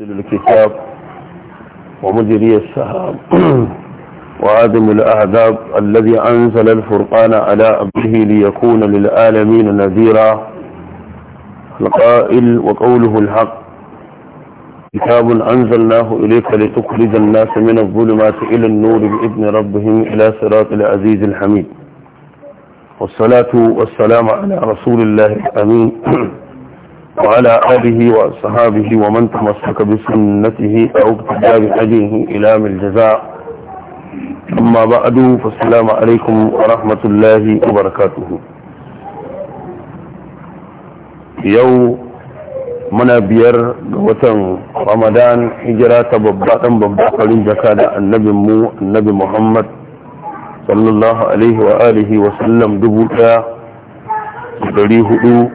الكتاب ومجري السهام وآدم الأعذاب الذي أنزل الفرقان على أبيه ليكون للعالمين نذيرا القائل وقوله الحق كتاب أنزلناه إليك لتخرج الناس من الظلمات إلى النور بإذن ربهم إلى صراط العزيز الحميد والصلاة والسلام على رسول الله الأمين وعلى آله وأصحابه ومن تمسك بسنته أو ابتدى بهديه إلى من الجزاء أما بعد فالسلام عليكم ورحمة الله وبركاته يوم muna biyar ga watan ramadan hijira ta babbaɗan babbaɗarin jaka da annabin mu annabi muhammad sallallahu alaihi wa ɗari hudu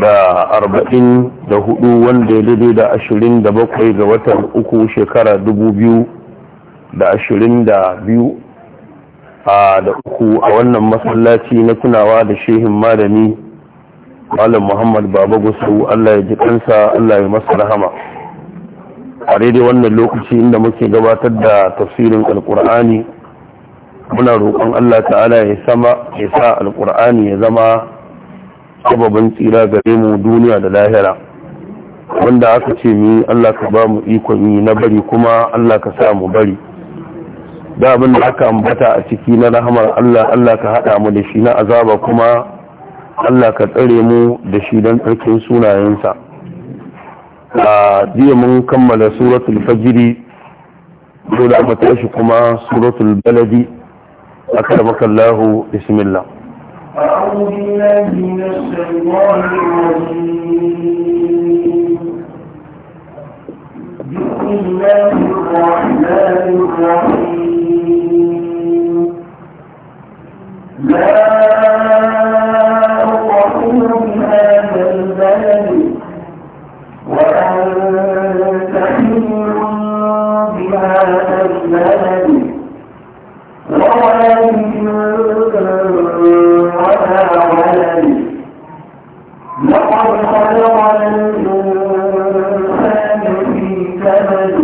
da arba'in da hudu wanda ya dade da ashirin da bakwai ga watan uku shekara dubu biyu da ashirin da biyu a da uku a wannan masallaci na tunawa da shehin malami malam muhammad baba gusau allah ya ji kansa allah ya masa rahama a daidai wannan lokaci inda muke gabatar da tafsirin alkur'ani muna roƙon allah ta'ala ya sa alkur'ani ya zama sababin tsira gare mu duniya da lahira wanda aka ce mi Allah ka ba mu ikon yi na bari kuma Allah ka sa mu bari da abin da aka ambata a ciki na rahamar Allah Allah ka haɗa mu da shi na azaba kuma Allah ka tsare mu da shi don tsarkin sunayensa a jiya mun kammala suratul fajiri dole a tashi kuma suratul baladi a karbakallahu bismillah أعوذ بالله من الشيطان الرجيم بسم الله الرحمن الرحيم لا أطهر بهذا البلد وأنت حل بهذا البلد ولا لقد خلق الإنسان في كبد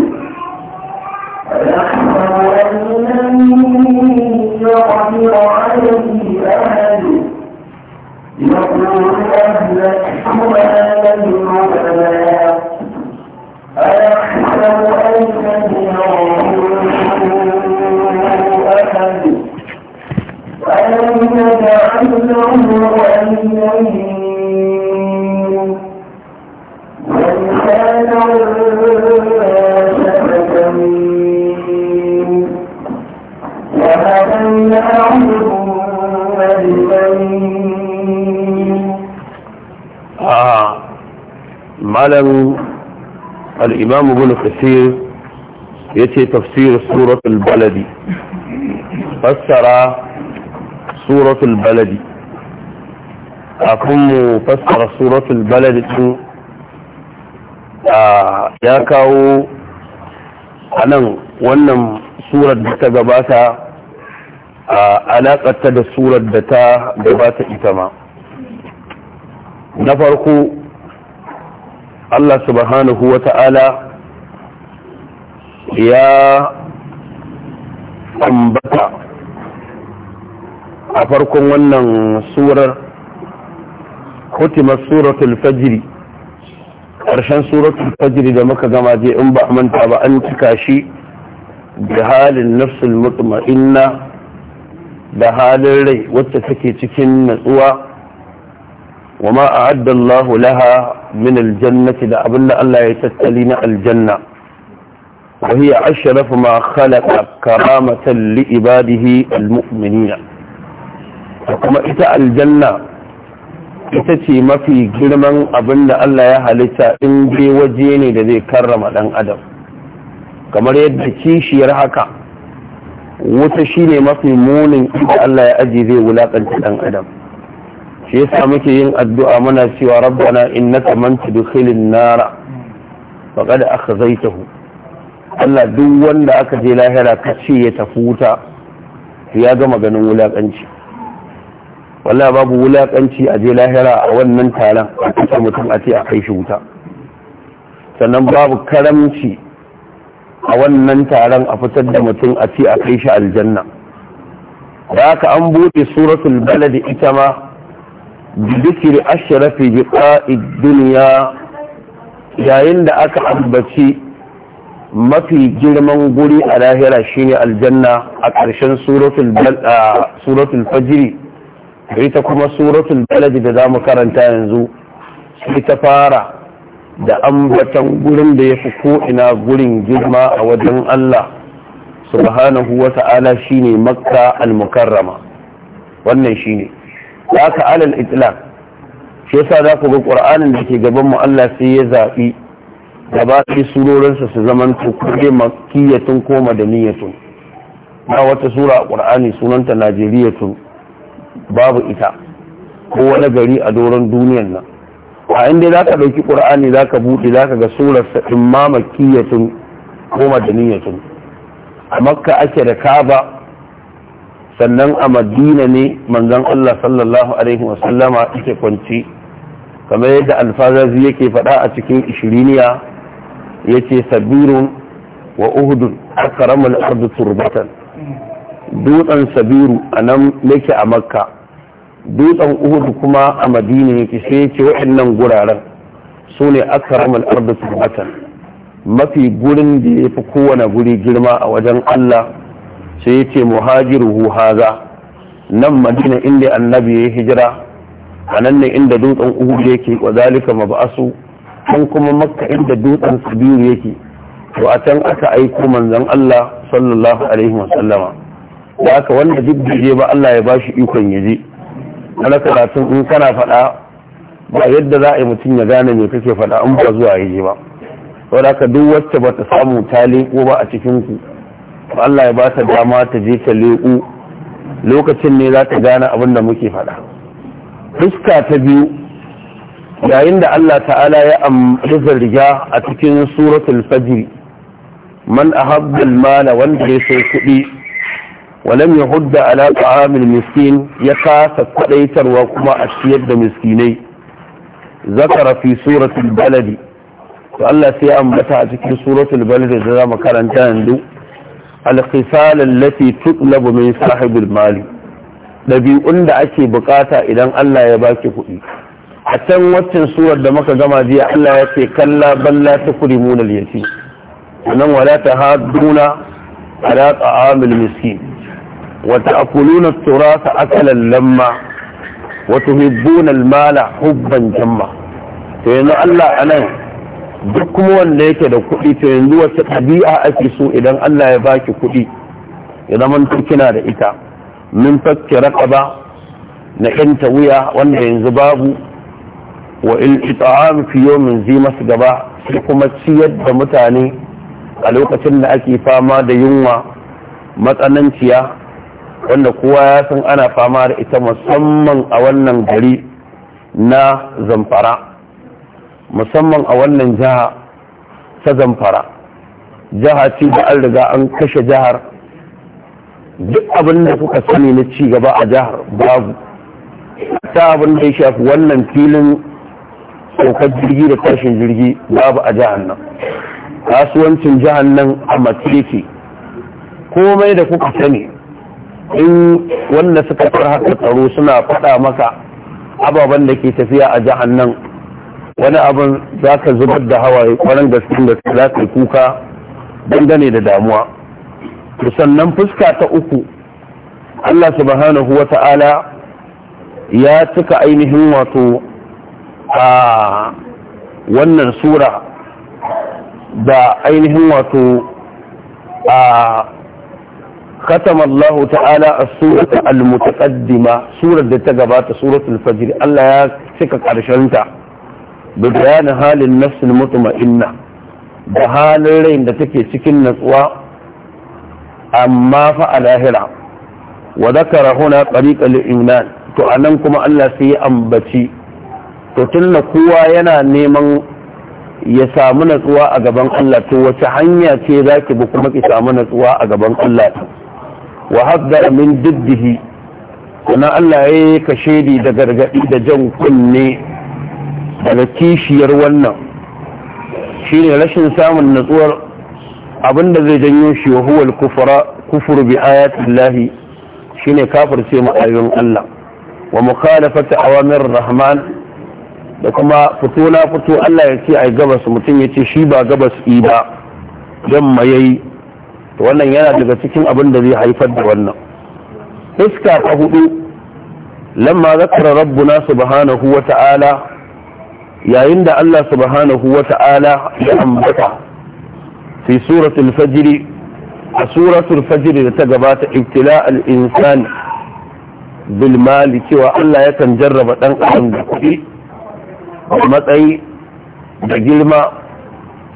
أيحسب أن لن يقدر عليه أحد يقول أهلكت مالا لبدا أيحسب أن لن يره أحد ألم نجعل له عينين malam al'imamu bin kasir ya ce tafsirin suratul baladi fassara suratul baladi kafin mu fassara suratul baladi sun ya kawo anan wannan surar da ta gabata a alaƙarta da surar da ta gabata ita ma na farko Allah subhanahu wa ta'ala ya ambata a farkon wannan surar hutimar suratul fajiri ƙarshen suratul fajiri da muka gama je in ba manta ba an cika shi da halin nafsul mutma'inna da halin rai wacce take cikin natsuwa wa ma a'adda laha min aljannati da abin da Allah ya tattali na aljanna wa hiya ashrafu ma khalaqa karamatan li ibadihi almu'minina kuma ita aljanna ita ce mafi girman abin da Allah ya halitta in je waje ne da zai karrama ɗan adam kamar yadda kishiyar haka wuta shine mafi munin inda Allah ya aje zai wulakanta ɗan adam shi yasa muke yin addu'a muna cewa rabbana innaka man tudkhilin nara faqad akhzaytahu Allah duk wanda aka je lahira ka ce ya tafi wuta ya gama ganin wulakanci walla babu wulakanci a je lahira a wannan taron a kasa mutum a ce a kai shi wuta sannan babu karamci a wannan taron a fitar da mutum a ce a kai shi aljanna da haka an buɗe suratul balad ita ma بذكر أشرف بقاء الدنيا yayin da aka ambaci mafi girman guri a lahira shine aljanna a ƙarshen suratul fajiri ita kuma suratul balad da za mu karanta yanzu sai ta fara da ambatan gurin da ya fi ko'ina gurin girma a wajen Allah subhanahu wa ta'ala shine makka al-mukarrama wannan shine da aka alal itlaq shi yasa za ku ga qur'anin da ke gaban mu Allah sai ya zabi da ɗaya surorinsa su zaman to kuje makiyatun ko madaniyatun ba wata sura a qur'ani sunanta najeriyatun babu ita ko wani gari a doron duniyar nan a inda za ka ɗauki ƙur'ani za ka buɗe za ka ga surarsa sa ma makiyatun ko madaniyatun a makka ake da kaba sannan a madina ne manzon Allah sallallahu alaihi wasallama yake kwanci kamar yadda alfazazi yake faɗa a cikin ishiriniya yace sabirun wa uhudun akramul ardu turbatan dutsen sabiru a nan yake a makka dutsen uhudu kuma a madina yake sai yake waɗannan guraren su ne akramul ardu turbatan mafi gurin da ya fi kowane guri girma a wajen Allah sai ya ce muhajiruhu haza nan madina inda annabi ya hijira a nan ne inda dutsen uhud yake wa zalika mab'asu can kuma makka inda dutsen sabiru yake to a can aka aiko manzon Allah sallallahu alaihi wa sallama da aka wanda duk je ba Allah ya bashi ikon ya je ana karatun in kana faɗa ba yadda za a yi mutum ya gane me kake faɗa in ba zuwa yaje ba saboda haka duk wacce ba ta samu ta leko ba a cikin ku Allah ya ba ta dama ta je ta leƙu lokacin ne za ta gane abin da muke faɗa fuska ta biyu yayin da Allah ta'ala ya amurza riga a cikin suratul fajr man ahabba mala wanda ya sai kuɗi walam yahudda ala ta'amil miskin ya kasa kwadaitarwa kuma a ciyar da miskinai zakara fi suratul baladi to Allah sai ya ambata a cikin suratul baladi da za mu karanta yanzu alkhisal allati tutlabu min sahibul mali dabi'un da ake bukata idan Allah ya baki kuɗi a can waccan suwar da muka gama jiya Allah ya ce kalla balla tukrimuna al-yatim nan wala tahaduna ala ta'amil miskin wa ta'kuluna turasa akalan lamma wa tuhibbuna mala hubban jamma to yanzu Allah anan duk kuma wanda yake da kuɗi to yanzu wata ɗabi'a ake so idan Allah ya baki kuɗi ya zama kina da ita min fakki raqaba na yanta wuya wanda yanzu babu wa in it'am fi yawmin zi masu gaba sai kuma ciyar da mutane a lokacin da ake fama da yunwa matsananciya wanda kowa ya san ana fama da ita musamman a wannan gari na zamfara musamman a wannan jiha ta zamfara jiha ce da an riga an kashe jihar duk abin da kuka sani na ci gaba a jihar babu ta abin da ya shafi wannan filin saukar jirgi da tashin jirgi babu a jihar nan kasuwancin jihar nan a matiriki komai da kuka sani in wanda suka haka tsaro suna faɗa maka ababen da ke tafiya a jihar nan wani abin za ka zubar da hawaye kwaran gaske da za ka kuka dangane da damuwa sannan fuska ta uku Allah subhanahu wa ta'ala ya cika ainihin wato a wannan sura da ainihin wato a ختم الله تعالى السورة المتقدمة سورة دي تقبات سورة الفجر الله يا على شرنتها bi bayanin halin nafsin mutma'inna da halin rai da take cikin natsuwa amma fa a lahira wa zakara huna tariqal iman to anan kuma Allah sai ya ambaci to tunda kowa yana neman ya samu natsuwa a gaban Allah to wace hanya ce zaki bi kuma ki samu natsuwa a gaban Allah wa haddara min diddihi sannan Allah ya yi kashedi da gargaɗi da jan kunne daga kishiyar wannan shine rashin samun natsuwar abinda zai janyo shi wa huwal kufra kufru bi ayatillahi shine kafirce mu ayoyin Allah wa mukhalafatu awamir rahman da kuma fito na fito Allah ya ce a gabas mutum ya ce shi ba gabas yi ba yamma yayi to wannan yana daga cikin abin da zai haifar da wannan iska ta hudu lamma zakara rabbuna subhanahu wa ta'ala yayin da Allah subhanahu wa ta'ala ya ambata fi suratul fajr a suratul fajri da ta gabata ibtila al-insan bil mali cewa Allah yakan jarraba dan adam da kuɗi matsayi da girma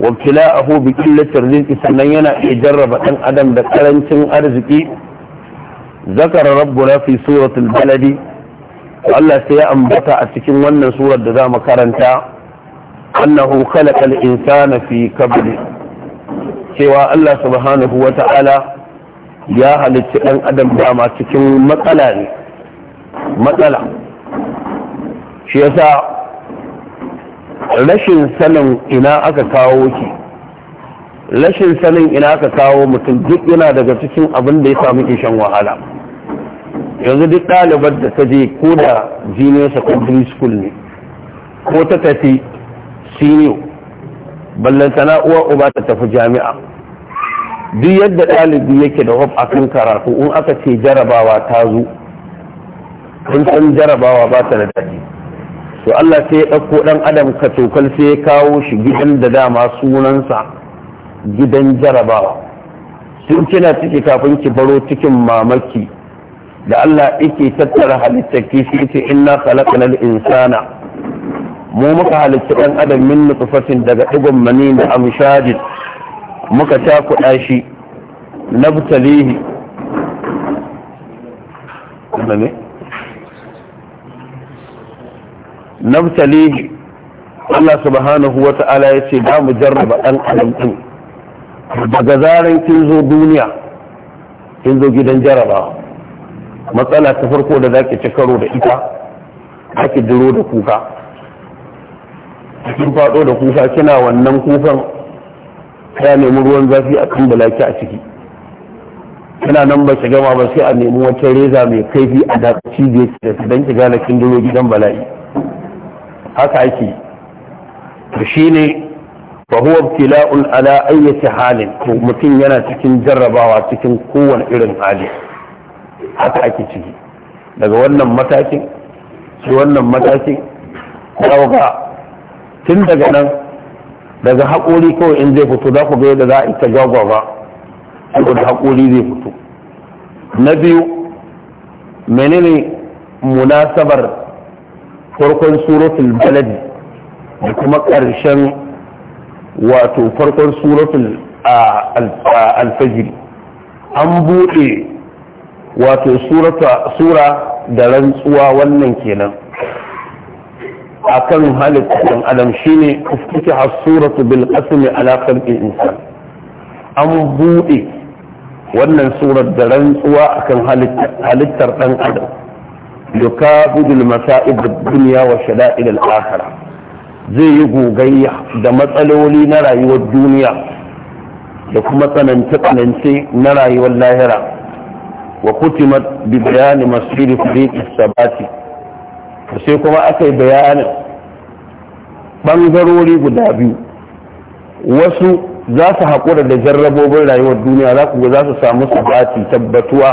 wabtila'ahu bi qillatir rizqi sannan yana iya jarraba dan adam da karancin arziki zakara rabbuna fi suratul baladi Allah sai ya ambata a cikin wannan surar da za mu karanta annahu khalaqal insana fi kabd cewa Allah subhanahu ta'ala ya halicci dan adam dama cikin matsala ne matsala shi yasa rashin sanin ina aka kawo ki rashin sanin ina aka kawo mutum duk yana daga cikin abin da ya samu kishin wahala yanzu duk ɗalibar da ta je ko da junior secondary school ne ko ta tafi senior ballantana uwa uba ta tafi jami'a duk yadda ɗalibi yake da hope akan karatu in aka ce jarabawa ta zo kun san jarabawa ba ta da daɗi to Allah sai ya ɗauko ɗan adam ka tokal sai ya kawo shi gidan da dama sunansa gidan jarabawa sun kina ciki kafin ki baro cikin mamaki da Allah yake tattara halittar kishi yake inna khalaqnal insana mu muka halitta dan adam min nutfatin daga digon mani da amshajin muka ta kuɗa shi nabtalihi nabtalihi Allah subhanahu wa ta'ala ya ce ba mu jarraba ɗan adam ɗin daga zaran kin zo duniya kin zo gidan jarabawa matsala ta farko da zaki ci karo da ita zaki duro da kuka kin fado da kuka kina wannan kukan ya nemi ruwan zafi a kan balaki a ciki kina nan ba ki gama ba sai a nemi wata reza mai kaifi a da cibiyar da ta ki gane kin duro gidan bala'i haka ake to shine fa huwa ibtila'un ala ayyi halin mutum yana cikin jarrabawa cikin kowane irin hali haka ake ciki daga wannan matakin shi wannan matakin ga tun daga nan daga haƙuri kawai in zai fito za ku ga yadda za a ita gwagwagwa saboda haƙuri zai fito na biyu menene munasabar farkon suratul baladi da kuma ƙarshen wato farkon suratul alfajiri an buɗe wato sura da rantsuwa wannan kenan akan halittar adam shine uftuki hasuratu bil qasmi ala insan an buɗe wannan surar da rantsuwa akan halittar ɗan adam yukabudul masa'ib da dunya wa shada'il al-akhirah zai yi gogayya da matsaloli na rayuwar duniya da kuma tsanance-tsanance na rayuwar lahira وختمت ببيان masu فريق الثبات sai kuma aka yi bayanin ɓangarori guda biyu wasu za su haƙura da jarrabobin rayuwar duniya za ku za su samu sabati tabbatuwa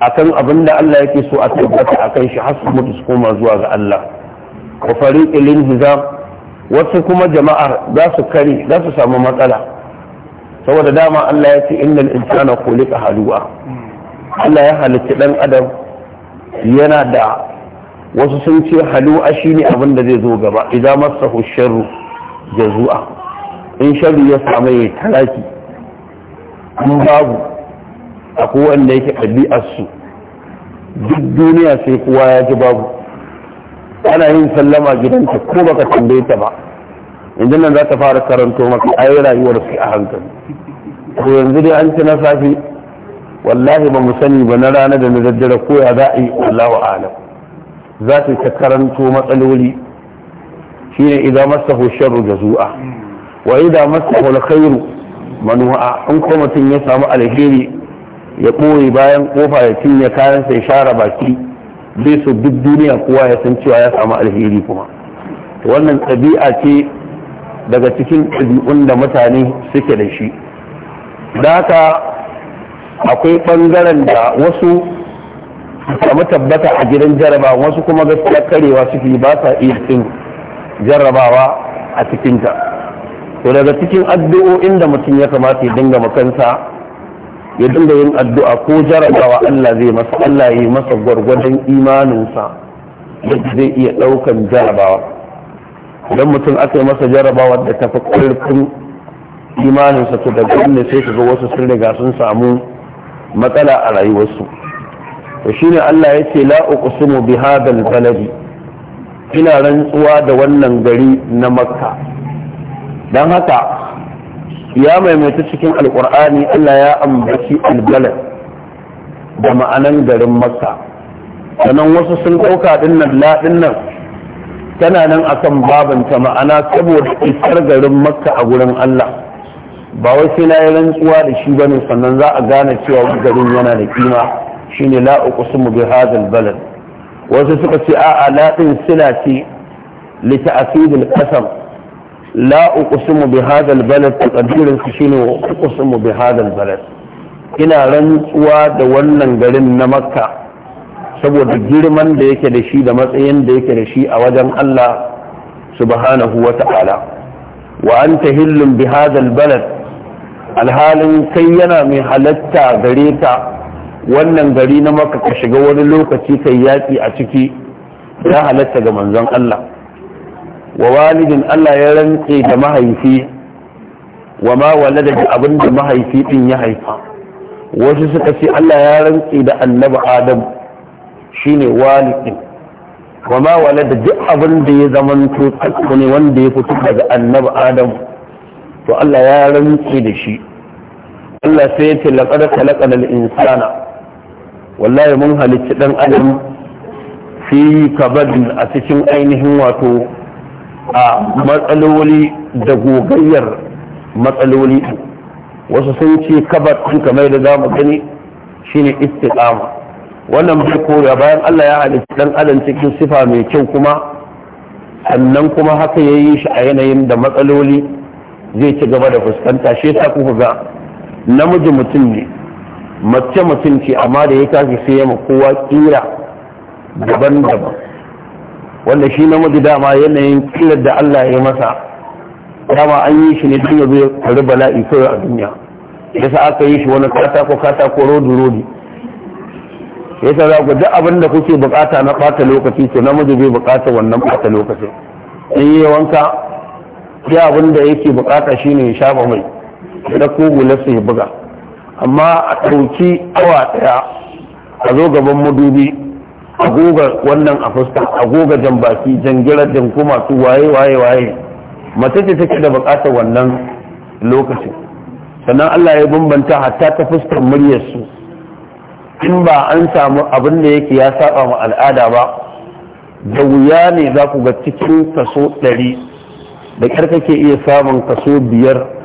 akan abin da Allah yake so a tabbata akan shi har mutu su koma zuwa ga Allah wa fariqil inhizam wasu kuma jama'ar za su kari za su samu matsala saboda dama Allah ya ce innal insana khuliqa haluwa. Allah ya halitta dan adam yana da wasu sun ce halu'a ne abin da zai zo gaba idan masahu sharru jazua in sharri ya samu ya talaki an babu akwai wanda yake ɗabi'ar su duk duniya sai kowa ya ji babu ana yin sallama gidanta ko baka tambaye ta ba yanzu nan za ta fara karanto maka ayi rayuwar su a hankali to yanzu dai an ci na safe wallahi ba mu sani ba na rana da na daddare ko ya za a yi Allahu alam za su ta karanto matsaloli shine idza masahu sharru jazua wa idza masahu alkhairu manu'a in ko mutum ya samu alheri ya ɓoye bayan kofa ya cinye kayan sai share baki bai su duk duniya kowa ya san cewa ya samu alheri kuma wannan ɗabi'a ce daga cikin ɗabi'un da mutane suke da shi da haka akwai ɓangaren da wasu samu tabbata a gidan jaraba wasu kuma gaskiya karewa suke ba sa iya cin jarabawa a cikinta to daga cikin addu'o'in da mutum ya kamata ya dinga makansa ya dinga yin addu'a ko jarabawa Allah zai masa Allah ya yi masa gwargwadon imaninsa zai iya ɗaukan jarabawa idan mutum aka yi masa jarabawa da tafi ƙarfin imaninsa to daga inda sai ka ga wasu sun riga sun samu matsala a rayuwarsu to shine Allah ya ce la uqsimu bi hadal baladi ina rantsuwa da wannan gari na makka dan haka ya maimaita cikin alkur'ani Allah ya ambaci albalad da ma'anan garin makka sannan wasu sun ɗauka dinnan la dinnan tana nan akan babanta ma'ana saboda isar garin makka a gurin Allah ba wai sai na yi rantsuwa da shi ne sannan za a gane cewa garin yana da kima shine la uqsimu bi hadhal balad wasu suka ce a'a la din sila ce li ta'sid al qasam لا أقسم بهذا البلد تقدير الكشين وأقسم ina rantsuwa da wannan garin na makka saboda girman da yake da shi da matsayin da yake da shi a wajen Allah subhanahu wa ta'ala wa anta hillun bi hadha albalad alhalin kai yana mai halatta gare ta wannan gari na maka ka shiga wani lokaci kai yaƙi a ciki ya halatta ga manzon Allah wa walidin Allah ya rantse da mahaifi wa ma walada da abin da mahaifi din ya haifa wasu suka ce Allah ya rantse da annabi Adam shine walidin wa ma walada duk abin da ya zamanto ne wanda ya fito daga annabi Adam to Allah ya rantse da shi Allah sai ya ce laqad khalaqana insana wallahi mun halicci dan adam fi kabarin a cikin ainihin wato a matsaloli da gogayyar matsaloli wasu sun ce kabad din kamar da zamu gani shine istiqama wannan bai koya bayan Allah ya halicci dan adam cikin sifa mai kyau kuma sannan kuma haka ya yi shi a yanayin da matsaloli zai ci gaba da fuskanta shi yasa kuka ga namiji mutum ne mace mutum ce amma da ya kashe sai ya kowa kira daban-daban wanda shi namiji dama yanayin kilar da Allah ya masa dama an yi shi ne don yanzu ya kari bala'i kawai a duniya ya sa aka yi shi wani katako katako rodi rodi sa za ku duk abin da kuke bukata na bata lokaci to namiji bai bukata wannan bata lokacin in yi wanka ya abin da yake bukata shine ya shafa mai na kogo na ya buga amma a ɗauki awa ɗaya a zo gaban madubi a goga wannan a fuska a goga jan baki jan gira jan kuma su waye waye waye mace ce take da bukatar wannan lokacin sannan Allah ya bambanta hatta ta fuskar muryarsu in ba an samu abin da yake ya saba ma al'ada ba da wuya ne za ku ga cikin kaso ɗari da ƙyar kake iya samun kaso biyar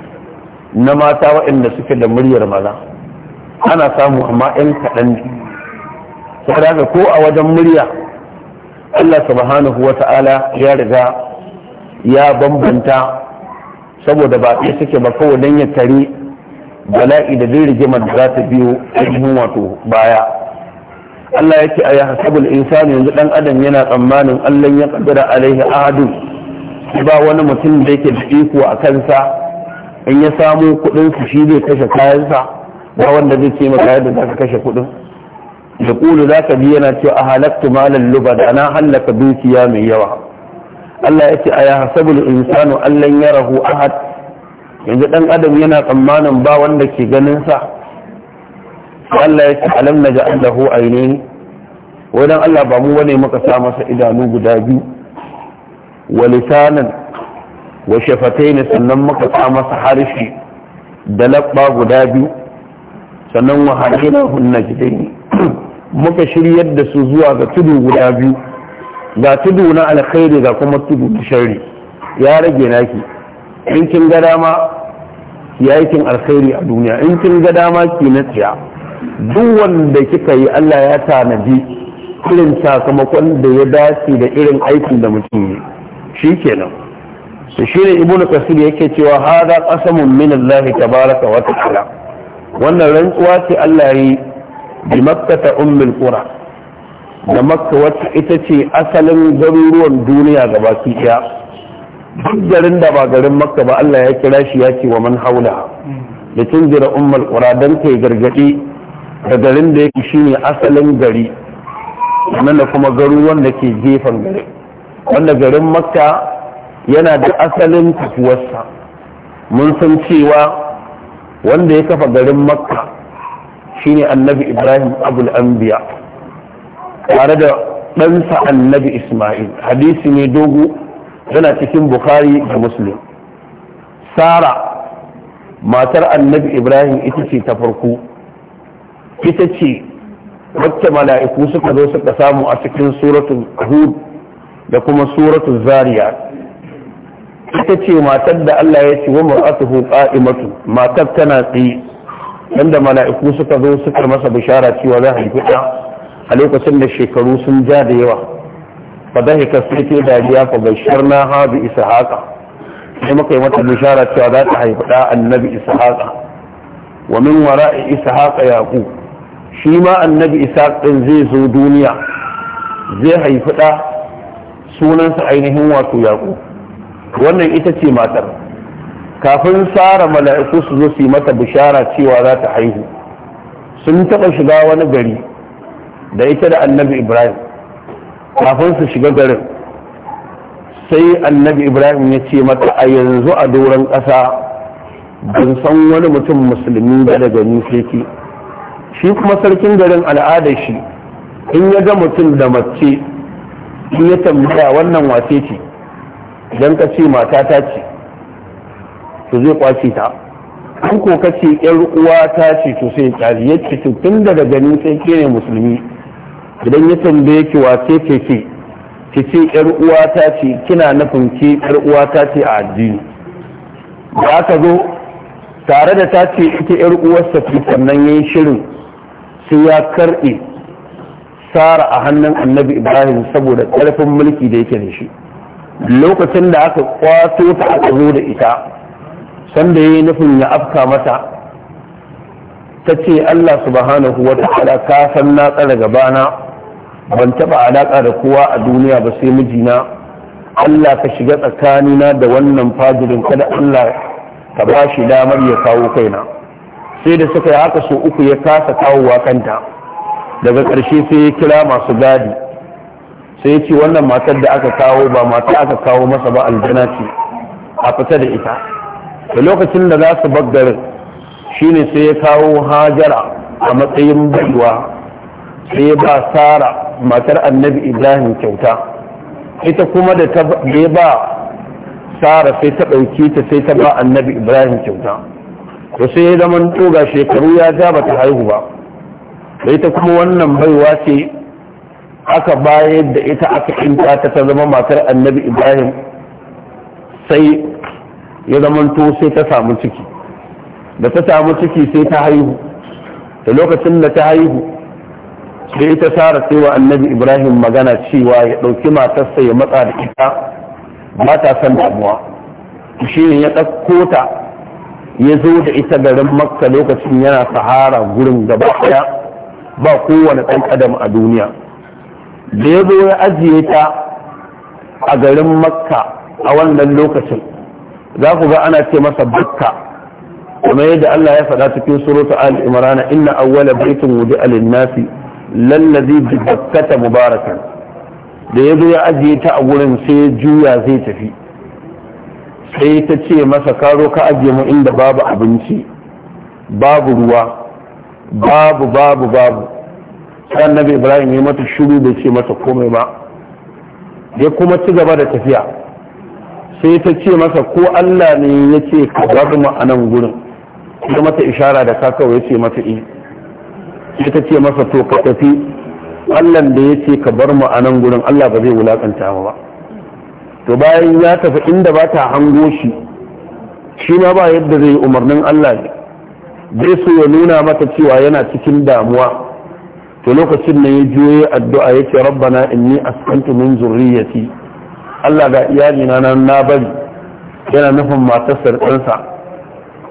na mata waɗanda suke da muryar maza ana samu amma 'yan kaɗan ne saboda ko a wajen murya Allah subhanahu wa ta'ala ya riga ya bambanta saboda ba ɗaya suke ba kawai don ya tare bala'i da zai rigimar da za ta biyo ainihin wato baya Allah ce a yahsabul insani yanzu ɗan adam yana tsammanin Allah ya kaddara alaihi ahadu ba wani mutum da yake da iko a kansa in ya samu kuɗinsu shi zai kashe kayansa ba wanda zai ce maka yadda za ka kashe kuɗin da kulu za ka bi yana cewa a halaktu malan luba da na hallaka dukiya mai yawa Allah ya ce a ya hasabu insanu allan ya rahu ahad yanzu ɗan adam yana tsammanin ba wanda ke ganin sa Allah ya ce alam na ja'al lahu ainihi wadan Allah ba mu bane muka sa masa idanu guda biyu wa lisanan wa shafatai sannan muka sa masa harshe da labba guda biyu sannan wa hajjina hunna ne. muka shiryar da su zuwa ga tudu guda biyu ga tudu na alkhairi ga kuma tudu na sharri ya rage naki in kin ga dama ki aikin alkhairi a duniya in kin ga dama ki na tsiya duk wanda kika yi Allah ya tanadi irin sakamakon da ya dace da irin aikin da mutum yi kenan. to shine ibnu kasir yake cewa hada qasamun min Allah tabaraka wa ta'ala wannan rantsuwa ce Allah yi bi makkata ummul qura da makka wacce ita ce asalin garuruwan duniya baki daya duk garin da ba garin makka ba Allah ya kira shi ya ce wa man haula da tunzira ummul qura dan kai gargadi da garin da yake shine asalin gari sannan kuma garuruwan da ke gefen gari wanda garin makka yana da asalin tafuwarsa mun san cewa wanda ya kafa garin makka shine annabi ibrahim abul anbiya tare da ɗansa annabi isma'il hadisi ne dogo yana cikin bukhari da muslim sara matar annabi ibrahim ita ce ta farko ita ce wacce mala'iku suka zo suka samu a cikin suratun hud da kuma suratul Zaria. ita ce matar da Allah ya ce wa mar'atuhu qa'imatu matar tana tsaye yanda mala'iku suka zo suka masa bishara cewa za a yi a lokacin da shekaru sun ja da yawa fa da hika sai ke dariya fa na ha bi ishaqa sai muka yi mata bishara cewa za ta haifi ɗa annabi ishaqa wa min wara'i ishaqa yaqub shi ma annabi ishaq din zai zo duniya zai haifi ɗa sunansa ainihin wato yaqub wannan ita ce matar kafin sara mala'iku su zo su yi mata bishara cewa za ta haihu sun taɓa shiga wani gari da ita da annabi ibrahim kafin su shiga garin sai annabi ibrahim ya ce mata a yanzu a doron ƙasa ban san wani mutum musulmi da daga nufiki shi kuma sarkin garin al'adar shi in ya ga mutum da mace in ya tambaya wannan wace ce don ka ce matata ce to zai kwace ta an ko ka ce yar uwa ta ce to sai kyali ya tun daga ganin sai ke ne musulmi idan ya tambaye ki wa sai ke ce ki ce yar uwa ta ce kina nufin ki yar uwa ta ce a addini da aka zo tare da ta ce ita yar uwarsa ce sannan yayin shirin sai ya karɓe sara a hannun annabi ibrahim saboda ƙarfin mulki da yake da shi lokacin da aka kwato ta aka zo da ita sanda yayi nufin ya afka mata ta ce Allah subhanahu wa ta'ala ka san na tsara gabana ban taba alaka da kowa a duniya ba sai mijina Allah ka shiga tsakanina da wannan fajirin kada Allah ka ba shi damar ya kawo kaina sai da suka yi haka so uku ya kasa kawowa kanta daga ƙarshe sai ya kira masu gadi sai ce wannan matar da aka kawo ba mata aka kawo masa ba aljana ce a fita da ita da lokacin da za su shi shine sai ya kawo hajara a matsayin baiwa sai ya ba sara matar annabi ibrahim kyauta ita kuma da ta ba sara sai ta ɗauki ta sai ta ba annabi ibrahim kyauta to sai ya zama shekaru ya ja bata haihu ba da ita kuma wannan baiwa ce aka bayar da ita aka inta ta ta zama matar annabi ibrahim sai ya zamanto sai ta samu ciki da ta samu ciki sai ta haihu da lokacin da ta haihu sai ita sara sai wa annabi ibrahim magana cewa ya ɗauki matarsa ya matsa da ita ba ta son damuwa shi ne ya ɗauko ta ya zo da ita garin makka lokacin yana sahara gurin gaba ɗaya ba kowane ɗan adam a duniya da ya zo ya ajiye ta a garin makka a wannan lokacin za ku ga ana ce masa bakka kuma yadda Allah ya faɗa cikin suratu al-imran inna awwala baitin wudi lin-nasi lallazi bi bakkata mubarakan da yazo ya ajiye ta a gurin sai juya zai tafi sai ta ce masa zo ka ajiye mu inda babu abinci babu ruwa babu babu babu sai annabi ibrahim ya mata shiru da ce masa komai ba ya kuma ci gaba da tafiya sai ta ce masa ko allah ne ya ce ka bar mu a nan gurin ya mata ishara da kakawa ya ce mata i eh. sai ta ce masa to ka tafi allah da ya ce ka bar mu a nan gurin allah ba zai wulakanta mu ba to bayan ya tafi inda ba ta hango shi shi ma ba yadda zai umarnin allah ne zai so ya nuna mata cewa yana cikin damuwa to lokacin na ya juye addu'a yake rabbana inni askantu min zurriyati Allah ga iyali na nan na bari yana nufin matar ɗansa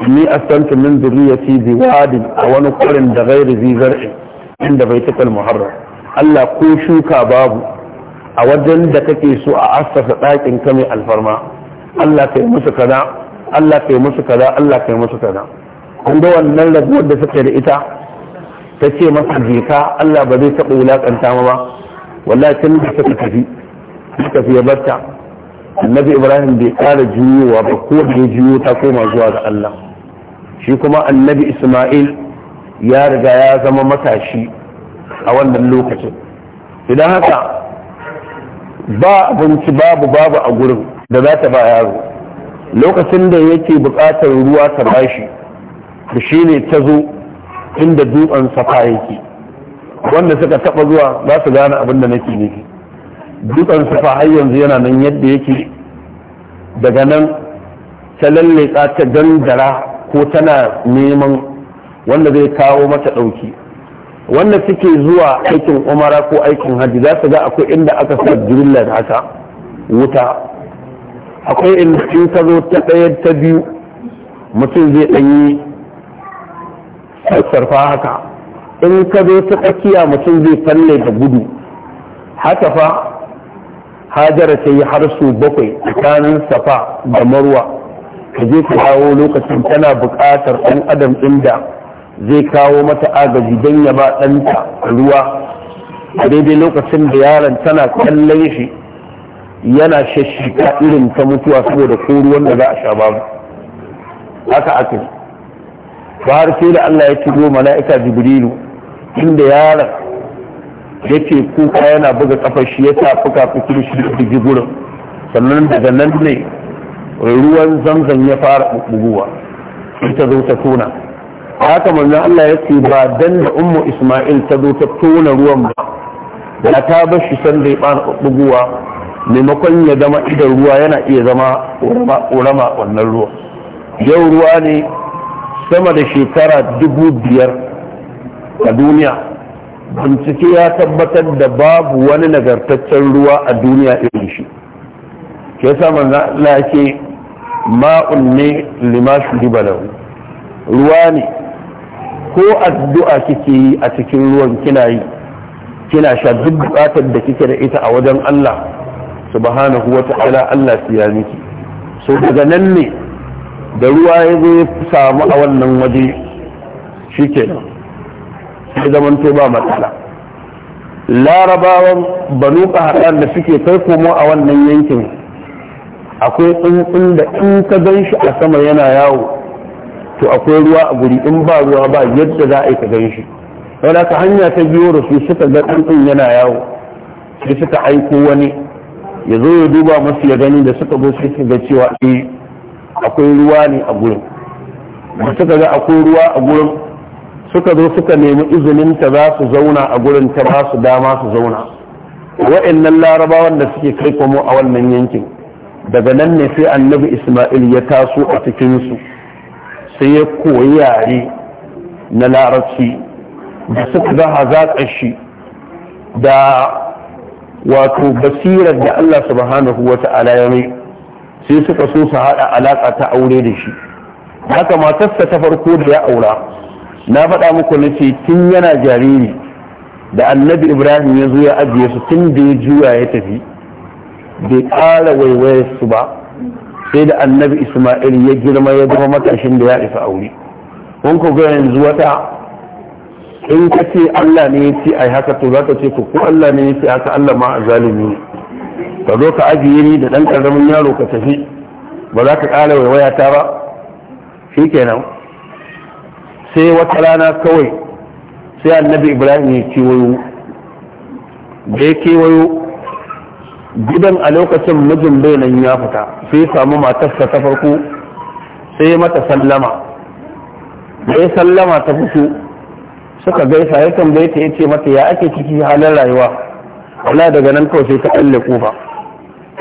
inni askantu min zurriyati bi wadin a wani kurin da gairi zi inda bai takal muharram Allah ko shuka babu a wajen da kake so a assasa ɗakin ka mai alfarma Allah kai musu kaza Allah kai musu kaza Allah kai musu kaza kun ga wannan rabuwar da suke da ita ta ce masa jeka Allah ba zai taɓa wulaƙanta ma ba wallahi tun da suka tafi suka barta annabi ibrahim bai ƙara juyowa ba ko da juyo ta koma zuwa ga Allah shi kuma annabi isma'il ya riga ya zama matashi a wannan lokacin idan haka ba abinci babu babu a gurin da za ta ba yaro lokacin da yake buƙatar ruwa ta bashi shi ne ta zo inda dutsen safa yake wanda suka taba zuwa za su gane abin da nake nufi dutsen safa har yanzu yana nan yadda yake daga nan ta lalleka ta gangara ko tana neman wanda zai kawo mata ɗauki wanda suke zuwa aikin umara ko aikin hajji za su ga akwai inda aka sa jirillar haka wuta akwai inda in ka zo ta ɗaya ta biyu mutum zai ɗanyi sarfa haka in ka zo ta tsakiya mutum zai falle da gudu haka fa hajara ta yi har su bakwai tsakanin safa da marwa ka je ka kawo lokacin tana buƙatar ɗan adam inda zai kawo mata agaji don ya ba ɗanta ruwa a daidai lokacin da yaron tana kallon shi yana shashika irin ta mutuwa saboda ko ruwan da za a sha babu haka ake to har sai da Allah ya turo mala'ika jibrilu inda yaron yake kuka yana buga kafar shi ya tafi fuka kuma shi da sannan daga nan ne ruwan zamzam ya fara buguwa ita zo ta tona haka manzon Allah ya ce ba dan da ummu Isma'il ta zo ta tona ruwan ba da ta bar shi san zai fara buguwa maimakon ya zama idan ruwa yana iya zama ƙorama wannan ruwa yau ruwa ne sama da shekara dubu biyar a duniya bincike ya tabbatar da babu wani nagartaccen ruwa a duniya irin shi ke sama na ake ma'un ne limashi ruwa ne ko addu'a kike yi a cikin ruwan kina yi kina sha duk bukatar da kike da ita a wajen Allah subhanahu wa ta'ala Allah siya miki so daga nan ne da ruwa ya zo ya samu a wannan waje shi ke nan sai zaman to ba matsala larabawan banu haɗar da suke kai a wannan yankin akwai tsuntsun da in ka gan shi a sama yana yawo to akwai ruwa a guri in ba ruwa ba yadda za a yi ka gan shi wadda ka hanya ta biyo da su suka ga tsuntsun yana yawo sai suka aiko wani ya zo ya duba masu ya gani da suka zo sai suka ga cewa eh, akwai ruwa ne a gurin da suka ga akwai ruwa a gurin suka zo suka nemi izinin ta za su zauna a gurin ta ba su dama su zauna wa'annan larabawan da suke kai komo a wannan yankin daga nan ne sai annabi isma'il ya taso a cikinsu sai ya koyi yare na larabci da suka ga hazaƙar da wato basirar da allah subhanahu wa ta'ala ya mai sai suka so su haɗa alaƙa ta aure da shi haka matarsa ta farko da ya aura na faɗa muku na ce tun yana jariri da annabi ibrahim ya zo ya ajiye su tun da ya juya ya tafi bai ƙara waiwayar su ba sai da annabi isma'il ya girma ya zama matashin da ya isa aure kun ku ga yanzu wata in ka ce allah ne ya ce yi haka to za ka ce ku ko allah ne ya ce haka allah ma a zalimi ne ka zo ka ajiye ni da ɗan ƙaramin yaro ka tafi ba za ka ƙara waya ta ba shi kenan sai wata rana kawai sai annabi ibrahim ya kewayo da ya kewayo gidan a lokacin mijin bainan ya fita sai samu matarsa ta farko sai mata sallama da ya sallama ta fito suka gaisa ya tambaye ta ya ce mata ya ake ciki halin rayuwa wala daga nan kawai sai ta kalle kofa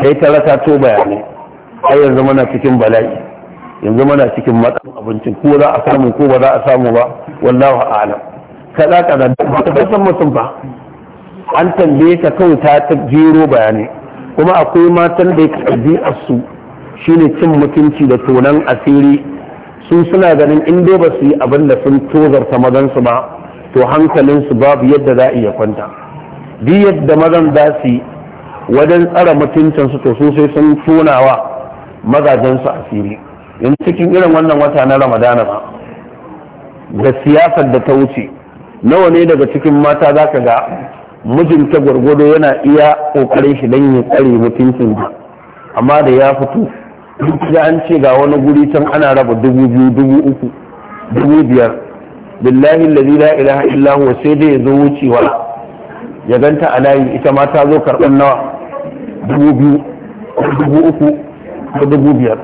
sai ta rasa to bayanai ai yanzu mana cikin bala'i yanzu mana cikin matsalar abincin ko za a samu ko ba za a samu ba wallahu a'lam kada kada ba ta san mutum ba an tambaye ta kawai ta jero bayanai kuma akwai matan da ya su shine cin mutunci da tonan asiri su suna ganin in dai ba su yi abin da sun tozarta mazansu ba to hankalinsu babu yadda za a iya kwanta duk yadda mazan za su yi wajen tsara mutuncinsu to su sai sun tonawa mazajensu asiri in cikin irin wannan wata na ramadana ba da siyasar da ta wuce nawa ne daga cikin mata za ka ga mijinta gwargwado yana iya ƙoƙarin shi don ya tsare mutuncin amma da ya fito da an ce ga wani guri can ana raba dubu biyu dubu uku dubu biyar billahi lazi la ilaha sai dai ya zo wucewa ya ganta a layi ita mata zo karɓar nawa dubu biyu ko dubu uku ko dubu biyar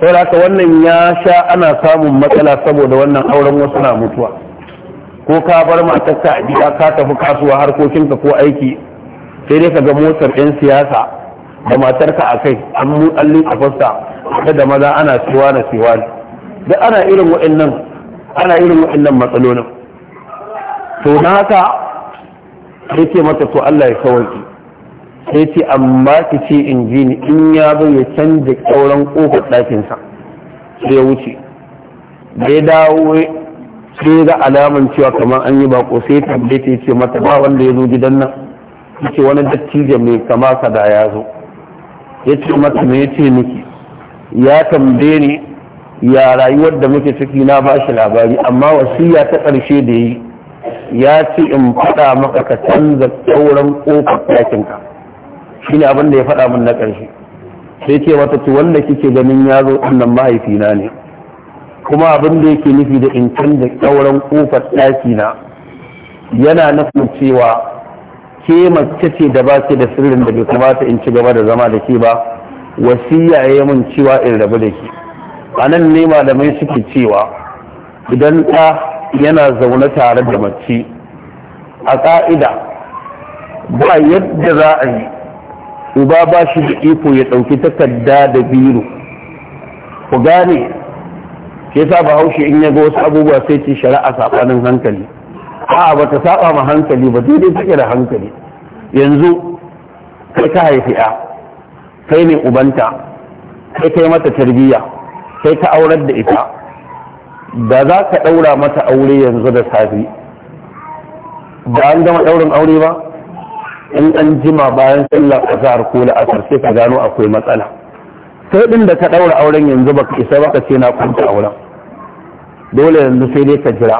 sai haka wannan ya sha ana samun matsala saboda wannan auren wasu na mutuwa ko ka bar matarka a gida ka tafi kasuwa harkokinka ko aiki sai dai ka ga motar 'yan siyasa da matarka a kai an mutallin a fasta ta da maza ana siwa na siwa da ana irin wa'annan ana irin wa'annan matsalolin to na haka sai ce mata to Allah ya kawai sai ce amma ki ce in ji ni in ya zo ya canza kauran kofar ɗakinsa sai ya wuce da ya dawo sai ga alaman cewa kamar an yi bako sai ya tambaye ce mata ba wanda ya zo gidan nan ya wani dattijo mai kama da ya zo ya ce mata me ya ce miki ya tambaye ni ya rayuwar da muke ciki na ba shi labari amma wasiya ta ƙarshe da yi ya ce in faɗa maka ka canza sauran ƙofar ɗakinka shine abin da ya faɗa min na ƙarshe sai ce mata to wanda kike ganin ya zo ɗannan mahaifina ne kuma abin da yake nufi da in canza ƙauren ƙofar ɗakina yana nufin cewa ke mace ce da ba ke da sirrin da bai kamata in ci gaba da zama da ke ba wasiya ya yi min cewa in rabu da ke a nan ne malamai suke cewa idan ɗa yana zaune tare da mace a ƙa'ida ba yadda za a yi uba ba shi da iko ya ɗauki takarda da biro ku gane ke sa bahaushe in yaga wasu abubuwa sai ce shari'a saɓanin hankali a'a ba ta saɓa ma hankali ba dai-dai take da hankali yanzu kai ka haifi a kai ne ubanta kai kai mata tarbiyya kai ka aurar da ita da za ka ɗaura mata aure yanzu da safi ba an gama ɗaurin aure ba in ɗan jima bayan sallar azhar ko la'asar sai ka gano akwai matsala sai din da ka ɗaura auren yanzu baka isa baka ce na kunta auren dole yanzu sai dai ka jira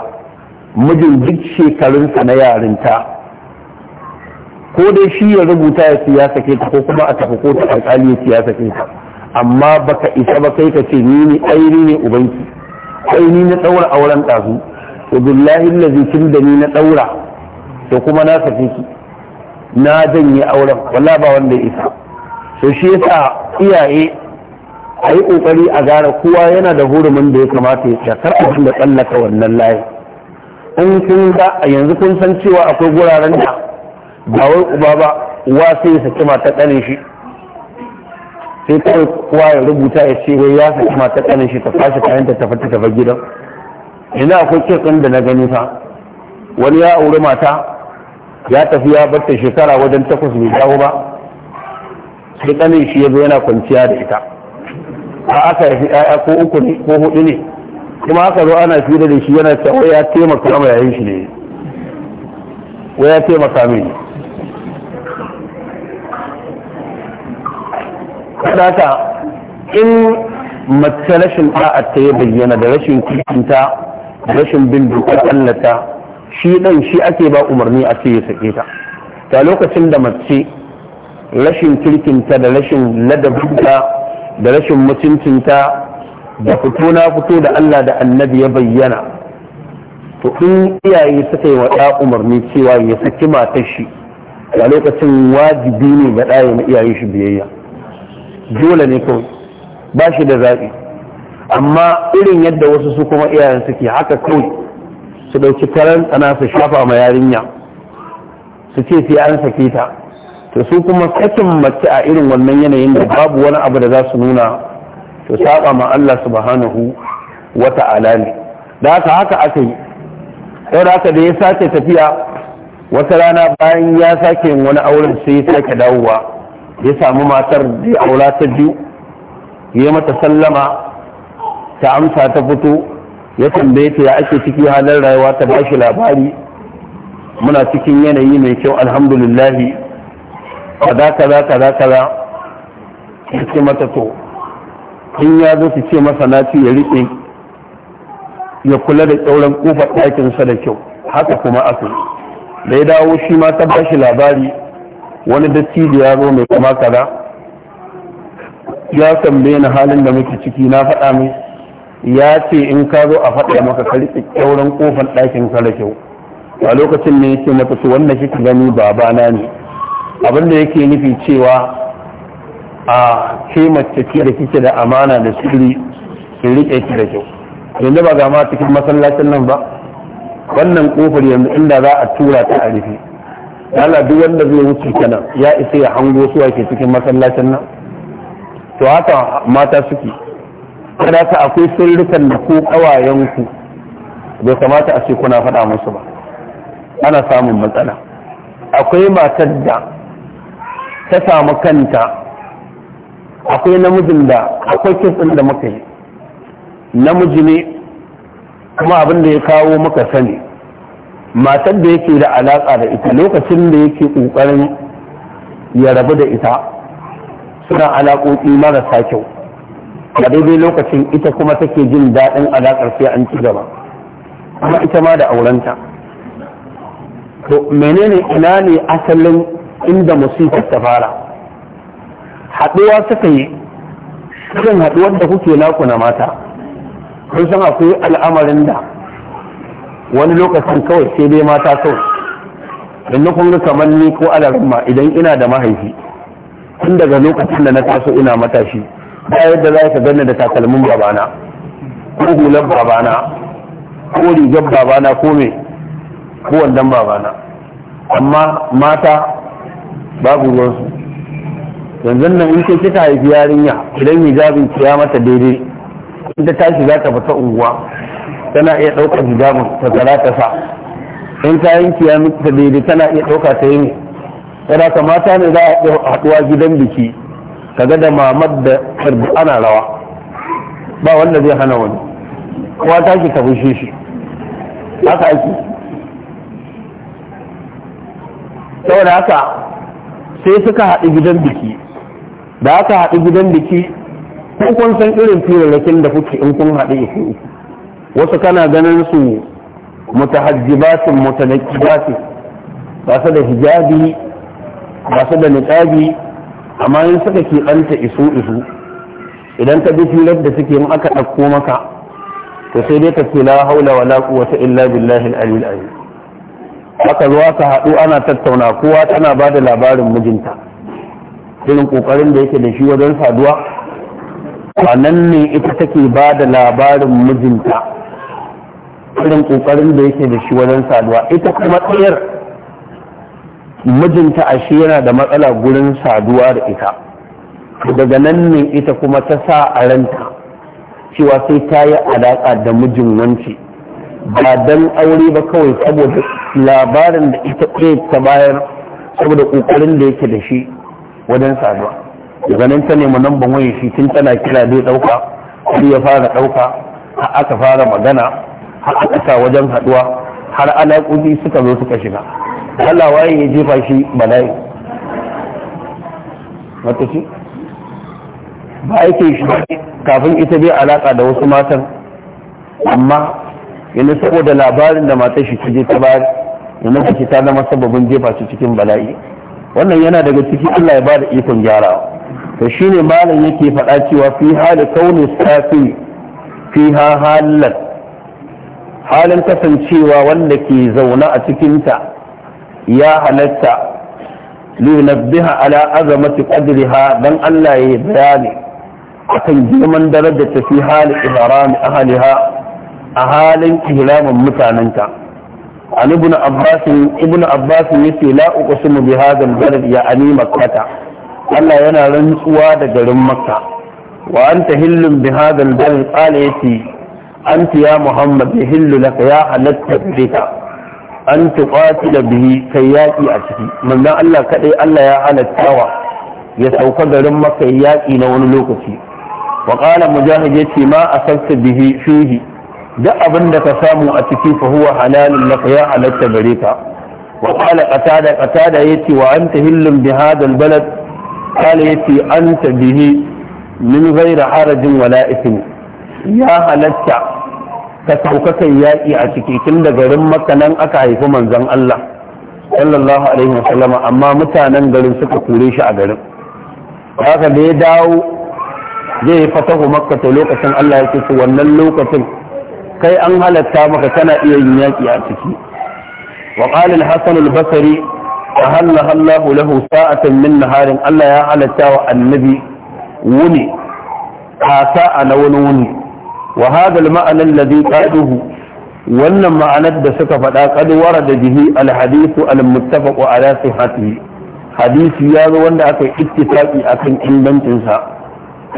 mijin duk shekarunsa na yarinta ko dai shi ya rubuta ya siyasa sake ta ko kuma a tafi kotu alƙali ya siyasa sake ta amma baka isa ba kai ka ce ni ne aini ne ubanki ni na ɗaura auren ɗazu to billahi lazi da ni na ɗaura. to kuma na sake ki na janye auren wala ba wanda ya isa so shi yasa iyaye a yi ƙoƙari a gara kowa yana da hurumin da ya kamata ya ce kar da tsallaka wannan layi in kun ga a yanzu kun san cewa akwai guraren da ba wai uba ba uwa sai ya saki mata ƙanin shi sai kawai kowa ya rubuta ya ce wai ya saki mata ƙanin shi ta fashi kayan ta tafi ta tafi gidan ina akwai kirkin da na gani fa wani ya auri mata ya tafi ya barta shekara wajen takwas mai dawo ba sai kanin shi ya yazo yana kwanciya da ita a aka yafi ƴaƴa ko uku ne ko hudu ne kuma aka zo ana fira da shi yana cewa ya taimaka ma yayin shi ne wai ya taimaka ne in mace rashin ɗa'ar ta ya bayyana da rashin da rashin bin dokar allata shi ɗan shi ake ba umarni a ce ya sake ta ta lokacin da mace rashin kirkinta da rashin ladabinta da rashin mutuncinta da fito na fito da Allah da annabi ya bayyana to in iyaye suka yi wa umarni cewa ya saki matar shi a lokacin wajibi ne ga ɗaya na iyaye shi biyayya dole ne kawai ba shi da zaɓi amma irin yadda wasu su kuma iyayen suke haka kawai su ɗauki faran tsana su shafa ma yarinya su ce sai an sake ta to su kuma sakin mace a irin wannan yanayin da babu wani abu da za su nuna to saba ma Allah subhanahu wa ta'ala ne da haka haka aka yi sai da haka da ya sake tafiya wata rana bayan ya sake yin wani auren sai ya sake dawowa ya samu matar da ya aura ta biyu ya mata sallama ta amsa ta fito ya tambaye ta ya ake ciki halin rayuwa ta bashi labari muna cikin yanayi mai kyau alhamdulillah kaza kaza kaza kaza ya ce mata to in ya zo su ce masa na ci ya riƙe ya kula da ƙyauren ƙofar ɗakinsa da kyau haka kuma aka da ya dawo shi ma ta bashi labari wani dattijo ya zo mai kama kaza ya tambaye ni halin da muke ciki na faɗa mai ya ce in ka zo a faɗa maka ka riƙe kyauran ƙofar ɗakin ka da kyau a lokacin ne yake mata su wannan shi gani babana ne abin da yake nufi cewa a ke mace da kike da amana da sirri ki riƙe ki da kyau yanzu ba ga ma cikin masallacin nan ba wannan ƙofar yanzu inda za a tura ta a rufe Allah duk wanda zai wuce kenan ya isa ya hango suwa ke cikin masallacin nan to haka mata suke kada ka akwai sirrukan da ku kawayenku bai kamata a ce kuna faɗa musu ba ana samun matsala akwai matar da ta samu kanta akwai namijin da akwai kitsin da muka yi namiji ne kuma abin da ya kawo muka sani matar da yake da alaƙa da ita lokacin da yake ƙoƙarin ya rabu da ita suna alaƙoƙi marasa kyau a daidai lokacin ita kuma take jin daɗin alaƙar sai an ci gaba kuma ita ma da aurenta to menene ina ne asalin inda musifar ta fara haɗuwa suka yi irin haɗuwar da kuke naku na mata kun san akwai al'amarin da wani lokacin kawai sai dai mata kawai don na kunga kamar ni ko alarma idan ina da mahaifi tun daga lokacin da na taso ina matashi ba yadda za ka ganna da takalmin babana ko hular babana ko rigar babana ko me ko wandan babana amma mata babu ruwansu yanzu nan in ce kika haifi yarinya idan hijabin ki ya mata daidai in ta tashi za ta fita unguwa tana iya ɗaukar hijabin ta zara ta sa in kayan ki ya mata daidai tana iya ɗauka ta yi ne yana kamata ne za a haɗuwa gidan biki kaga da mamad da ana rawa ba wanda zai hana wani kowa ta ki ka bushe shi haka ake saboda haka sai suka haɗu gidan biki da aka haɗu gidan biki ko kun san irin firarrakin da kuke in kun haɗu iku wasu kana ganin su mutahajjibatin mutanakibatin ba su da hijabi ba su da niqabi amma in suka keɓanta isu isu idan ta bi filar da suke in aka ɗauko maka to sai dai ka ce la haula wala quwwata illa billahi al-aliyyil azim aka zo aka haɗu ana tattauna kowa tana ba da labarin mijinta irin ƙoƙarin da yake da shi wajen saduwa a nan ne ita take ba da labarin mijinta irin ƙoƙarin da yake da shi wajen saduwa ita kuma tsayar mijinta ashe yana da matsala gurin saduwa da ita daga nan ne ita kuma ta sa a ranta cewa sai ta yi alaƙa da mijin wance ba don aure ba kawai saboda labarin da ita ɗaya ta bayar saboda ƙoƙarin da yake da shi wajen saduwa daga nan ta nemi nan ban shi tun tana kira dai ɗauka sai ya fara ɗauka har aka fara magana har aka sa wajen haɗuwa har alaƙoƙi suka zo suka shiga Allah waye ya jefa shi bala'i wata shi ba yake shi kafin ita bai alaka da wasu matan amma yana saboda labarin da matar shi ta je ta bayar yana ta ta zama sababin jefa shi cikin bala'i wannan yana daga ciki Allah ya bada ikon gyarawa to shine malam yake faɗa cewa fi hali kauni safi fi ha halal halin kasancewa wanda ke zauna a cikinta ya halatta linabbiha ala azamati qadriha dan Allah ya bayani akan girman darajar ta fi hali ihrami ahliha a halin ihramin mutananta an ibn abbas ibn abbas yace la uqsimu bi hadha al ya ani Allah yana rantsuwa da garin makka وأنت هل بهذا البلد قال يتي Muhammad ya محمد يهل لك ya halatta تبريتا an tuƙati da bihi kai yaƙi a ciki manzan Allah kaɗai Allah ya halattawa ya sauka garin maka yaƙi na wani lokaci wa ƙala mujahid ya ce ma a sarta bihi fihi duk abin da ka samu a ciki fa huwa halalun laka ya halatta gare ka wa ƙala qatada qatada ya ce wa anta hillun bi hadal balad ƙala ya ce ta bihi min ghairi harajin wala ismi ya halatta ka sauka kai yaƙi a ciki tun da garin maka nan aka haifi manzon Allah sallallahu alaihi wasallama amma mutanen garin suka kure shi a garin haka da ya dawo zai fatahu makka to lokacin Allah ya ce wannan lokacin kai an halatta maka kana iya yin yaƙi a ciki wa qala al-hasan al-basri ahallaha Allah lahu sa'atan min naharin Allah ya halatta wa annabi wuni a na wani wuni wa hadal ma'ana allazi wannan ma'anar da suka faɗa qad da bihi al hadithu al ala sihhatihi hadisi ya zo wanda aka yi ittifaqi akan ingancin sa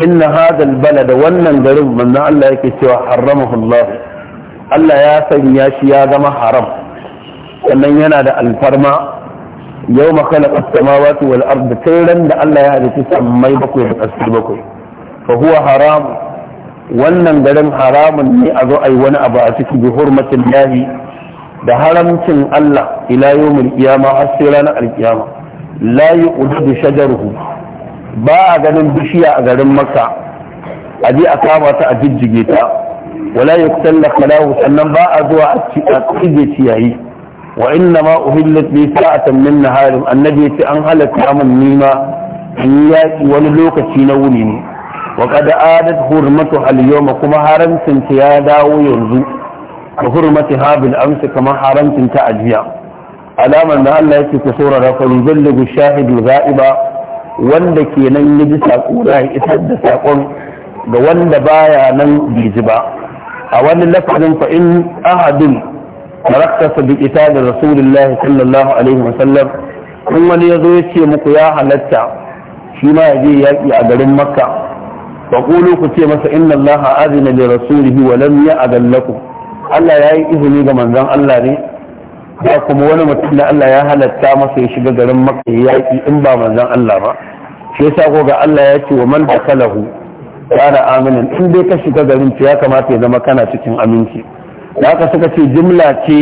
inna hadal da wannan garin manzo Allah yake cewa haramahu Allah Allah ya sanya shi ya zama haram sannan yana da alfarma yau makana samawati wal ardi tun ran da Allah ya halitta sammai bakwai da ƙasar bakwai fa huwa haram wannan garin haramun ne a zo a yi wani abu a ciki bi hurmatin lahi da haramcin Allah ila yawmul qiyama har sai ranar alkiyama la yu'udu shajaruhu ba a ganin bishiya a garin Makka a je a kama ta a jijjige ta wala yuktalla khalahu sannan ba a zuwa a cije ciyayi wa inna ma uhillat li sa'atan min naharin annabi ce an halatta mun nima Yaƙi yaki wani lokaci na wuni ne wa qad adat hurmatuha al-yawma kuma haramcin ta ya dawo yanzu ka hurmati habil amsa kamar haramcin ta ajiya alamar da Allah yake ku saurara fa yuzallu shahidu za'iba wanda kenan ya ji sako da isar da sakon ga wanda baya nan bai ba a wani lafazin fa in ahadun rakkasa bi ita da rasulullahi sallallahu alaihi wasallam in wani ya zo ya ce muku ya halatta shi ma ya je yaƙi a garin makka ku ce فقولوا كتير إن الله أذن لرسوله ولم يأذن لكم Allah ya yi izini ga manzon Allah ne kuma wani mutum da Allah ya halatta masa ya shiga garin Makka ya yaƙi in ba manzon Allah ba shi yasa ko ga Allah ya ce wa man dakalahu kana amina, in dai ka shiga garin ya kamata ya zama kana cikin aminci da haka suka ce jumla ce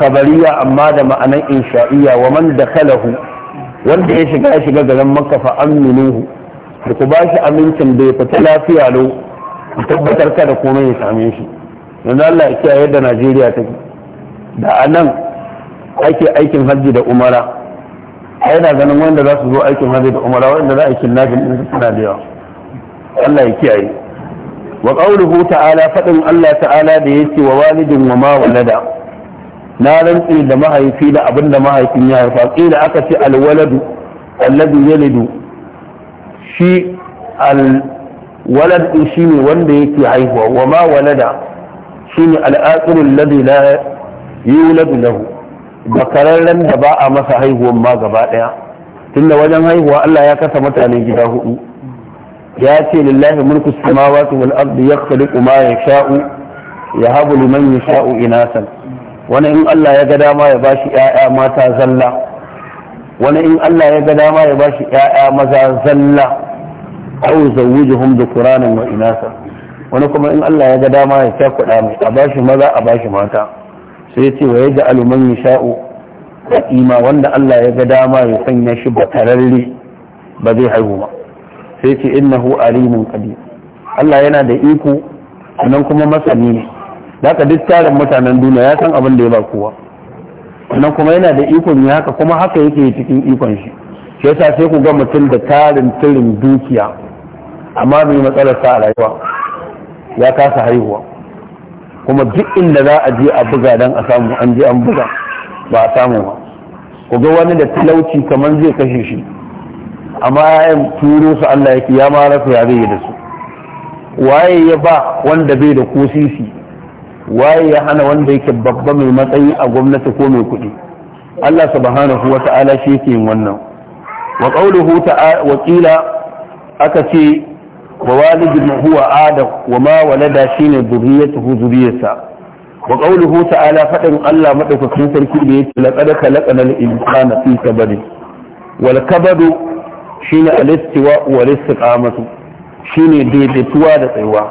khabariya amma da ma'anar insha'iyya wa man dakalahu wanda ya shiga ya shiga garin Makka fa aminuhu da ku bashi amincin bai fita lafiya lau ku tabbatar kada komai ya same shi yanzu Allah ya kiyaye da Najeriya take da a nan ake aikin hajji da umara ai na ganin wanda za su zo aikin hajji da umara wanda za a aikin nafin din suna da yawa Allah ya kiyaye wa qawluhu ta'ala fadin Allah ta'ala da yake wa walidin wa ma walada na rantsi da mahaifi da abin da mahaifin ya haifa kila aka ce alwaladu alladhi yalidu shi alwalad din ne wanda yake haihuwa wa ma walada shine al'aqilul ladhi la yuladu lahu bakararren da ba a masa haihuwan ma gaba daya tunda wajen haihuwa Allah ya kasa mutane gida hudu ya ce lillahi mulku samawati wal ardi yakhluqu ma yasha'u yahabu liman yasha'u inasan wani in Allah ya ga dama ya bashi ƴaƴa mata zalla wani in Allah ya ga dama ya bashi ƴaƴa maza zalla aw zawwijuhum dhukuranan wa inasa wani kuma in Allah ya ga dama ya ta kuɗa mai a bashi maza a bashi mata sai ce wa yaja aluman yasha'u ima wanda Allah ya ga dama ya sanya shi ba tararri ba zai haihu ba sai ce hu alimun kadi Allah yana da iko nan kuma masani ne zaka duk tarin mutanen duniya ya san abin da ya ba kowa nan kuma yana da ikon ne haka kuma haka yake cikin ikon shi shi yasa sai ku ga mutum da tarin tirin dukiya amma bai matsalar sa a rayuwa ya kasa haihuwa kuma duk inda za a je a buga dan a samu an je an buga ba a samu ba ku ga wani da talauci kamar zai kashe shi amma yayan turo su Allah yake ya mara su ya zai da su waye ya ba wanda bai da kusisi waye ya hana wanda yake babba mai matsayi a gwamnati ko mai kuɗi Allah subhanahu wa ta'ala shi yake yin wannan wa qawluhu ta'ala wa qila aka ce wa walidin huwa adam wa ma walada shine zuriyatuhu zuriyarsa wa qawluhu ta'ala fadin Allah madaukakin sarki da yake laqad khalaqnal insana fi kabad wal kabad shine al-istiwa wal istiqamatu shine daidaituwa da tsayuwa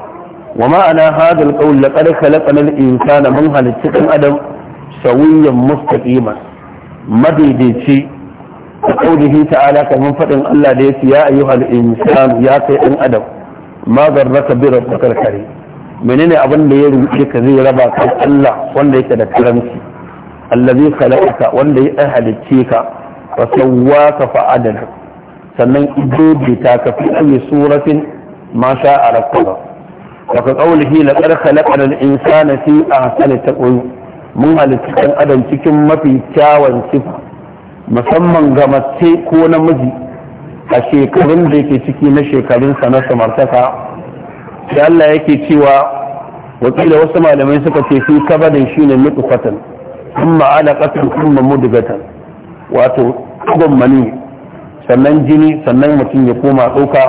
wa ma'ana hadha al-qawl laqad khalaqnal insana mun halitta adam sawiyan mustaqiman madaidaici da qawlihi ta'ala kaman faɗin Allah da yake ya ayyuhal insanu ya kai ɗan adam ma garraka bi rabbikal karim menene abin da ya rubuce ka zai raba ka Allah wanda yake da karamci allazi khalaqaka wanda ya halicce ka wa sawwaka fa adala sannan idobi ta ka fi ayi suratin ma sha a rakkaba wa ka qawlihi laqad khalaqna insana fi ta taqwim mun halicci dan adam cikin mafi kyawun sifa musamman ga mace ko namiji a shekarun da yake ciki na shekarunsa na samartaka da Allah yake cewa wakila wasu malamai suka ce fi kabarin shi ne nutsufatan kuma alaƙatan kuma mudugatan wato ɗugon mani sannan jini sannan mutum ya koma ɗauka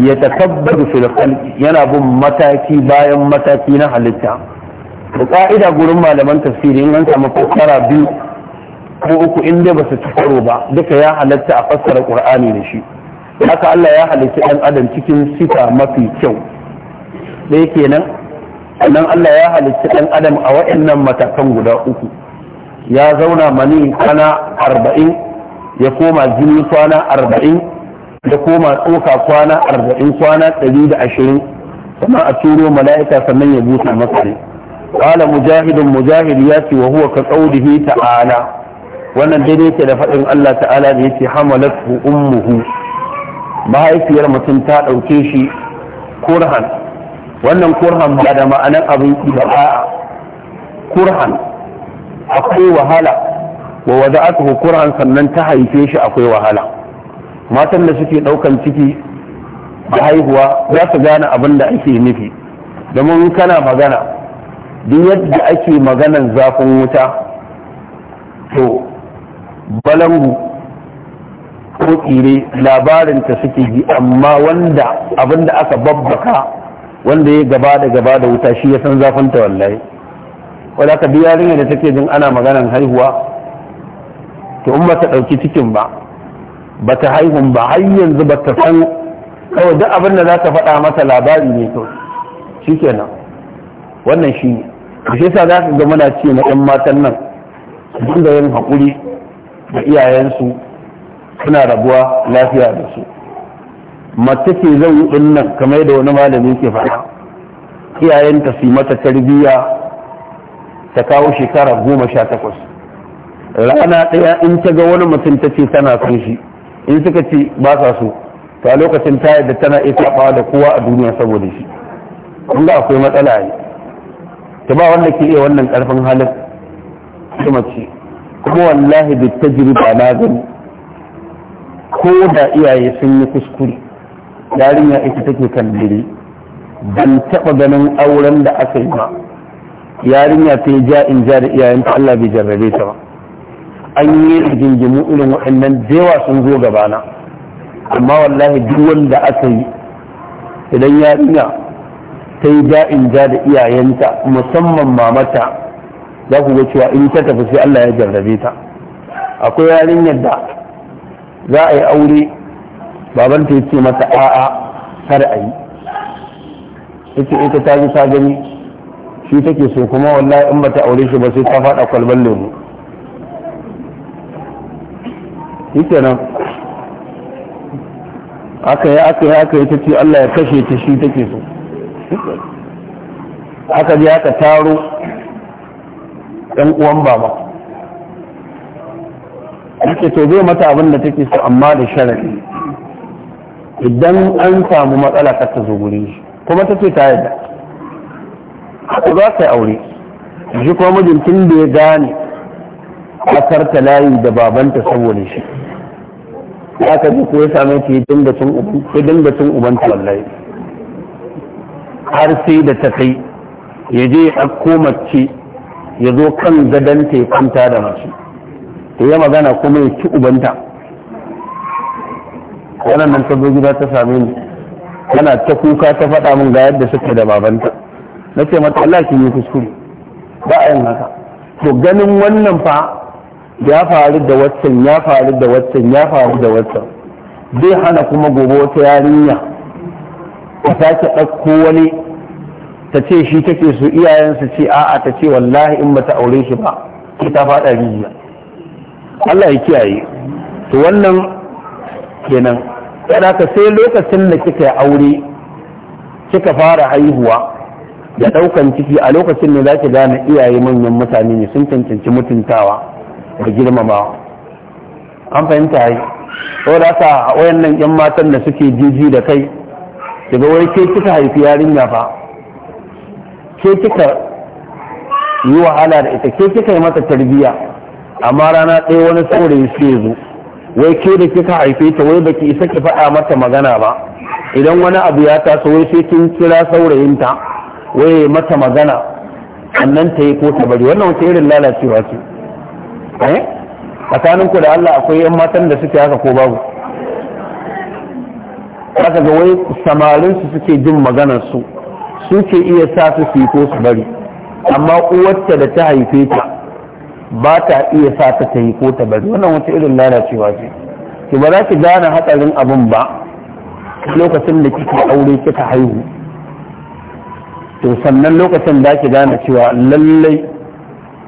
ya takabbar filkal yana bin mataki bayan mataki na halitta da ƙa'ida gurin malaman tafsiri in an samu fassara biyu ko uku in dai ba su ci karo ba duka ya halatta a fassara qur'ani da shi haka Allah ya halitta ɗan adam cikin sifa mafi kyau ɗaya kenan sannan Allah ya halitta ɗan adam a waɗannan matakan guda uku ya zauna mani kwana arba'in ya koma jini kwana arba'in ya koma tsoka kwana arba'in kwana ɗari da ashirin sannan a turo mala'ika sannan ya busa masa ne قال ya ce ياتي وهو كقوله ana. wannan daidai ke da faɗin Allah ta'ala da yake hamalatu ummuhu mahaifiyar mutum ta ɗauke shi kurhan wannan kurhan ba da ma'anar abin ba a'a kurhan akwai wahala wa wada'atuhu kurhan sannan ta haife shi akwai wahala matan da suke ɗaukan ciki da haihuwa za su gane abin da ake nufi domin kana magana duk yadda ake maganan zafin wuta to balangu ko tsire labarinta suke ji amma wanda abinda aka babbaka wanda ya gaba da gaba da wuta shi ya san ta wallahi wadda aka bi yarinya da take jin ana maganan haihuwa to in ba ta ɗauki cikin ba ba ta haihun ba har yanzu ba ta san kawai duk abin da za ta faɗa masa labari ne to shi kenan wannan shi ne shi yasa za ka ga muna ce na 'yan matan nan da yin haƙuri da iyayensu suna rabuwa lafiya da su mace ce zan yi dinnan kamar da wani malami ke faɗa iyayenta su mata tarbiyya ta kawo shekara goma sha takwas rana ɗaya in ta ga wani mutum ta ce tana son shi in suka ce ba sa so Ta lokacin ta yadda tana iya saɓawa da kowa a duniya saboda shi kun ga akwai matsala ne ta ba wanda ke iya wannan karfin halin ta mace kuma wallahi da ba na gani ko da iyaye sun yi kuskure yarinya ita take kan dire ban taɓa ganin auren da aka yi ba yarinya ta yi ja in ja da iyayenta Allah bai jarrabe ta ba an yi rigingimu irin waɗannan jewa sun zo gabana amma wallahi duk wanda aka yi idan yarinya ta yi ja in ja da iyayenta musamman mamata za ku ga cewa in ta tafi sai Allah ya jarrabe ta akwai yarin yadda za a yi aure babanta ya ce mata a'a kar a yi ita ita ta ji ta gani shi take so kuma wallahi in bata aure shi ba sai ta faɗa kwalban lemu yake nan aka yi aka yi aka yi ta ce Allah ya kashe ta shi take so aka je aka taro yan uwan baba ake to zai mata abin da take so amma da sharadi idan an samu matsala ka ta kuma ta ce ta yadda haka za ka yi aure shi kuma mijin tun da ya gane kasarta ta layi da babanta saboda shi ya ka ji ko ya same ta ya dinga ubanta wallahi har sai da ta kai ya je ya ɗauko mace ya zo kan gadon ta kwanta da mace ta yi magana kuma ya ci ubanta wannan nan ta zo gida ta same ni tana ta kuka ta faɗa min ga yadda suke da babanta na ce mata Allah ki yi kuskure ba a yin haka to ganin wannan fa ya faru da waccan ya faru da waccan ya faru da waccan zai hana kuma gobe wata yarinya ta sake ɗauko wani ta ce shi take su iyayen su ce a'a ta ce wallahi in bata aure shi ba ki ta fada rijiya Allah ya kiyaye to wannan kenan da ka sai lokacin da kika yi aure kika fara haihuwa ya daukan ciki a lokacin ne zaki gane iyaye manyan mutane ne sun cancanci mutuntawa da girmamawa an fahimta ai da ka wayannan yan matan da suke jiji da kai kiga wai ke kika haifi yarinya fa ke kika yi wahala da ita ke kika yi mata tarbiyya amma rana ɗaya wani saurayi sai zo wai ke da kika haife ta wai baki isa ki faɗa mata magana ba idan wani abu ya taso wai sai kin kira saurayinta wai mata magana annan ta yi ko ta bari wannan wata irin lalacewa ce eh tsakanin ku da Allah akwai yan matan da suke haka ko babu haka ga wai samarinsu suke jin maganar su su ke iya sa su su su bari amma uwarta da ta haife ta ba ta iya sa ta ta yi ko ta bari wannan wata irin lalacewa ce ki ba za ki gane hatsarin abin ba lokacin da kike aure kika haihu to sannan lokacin da ki gane cewa lallai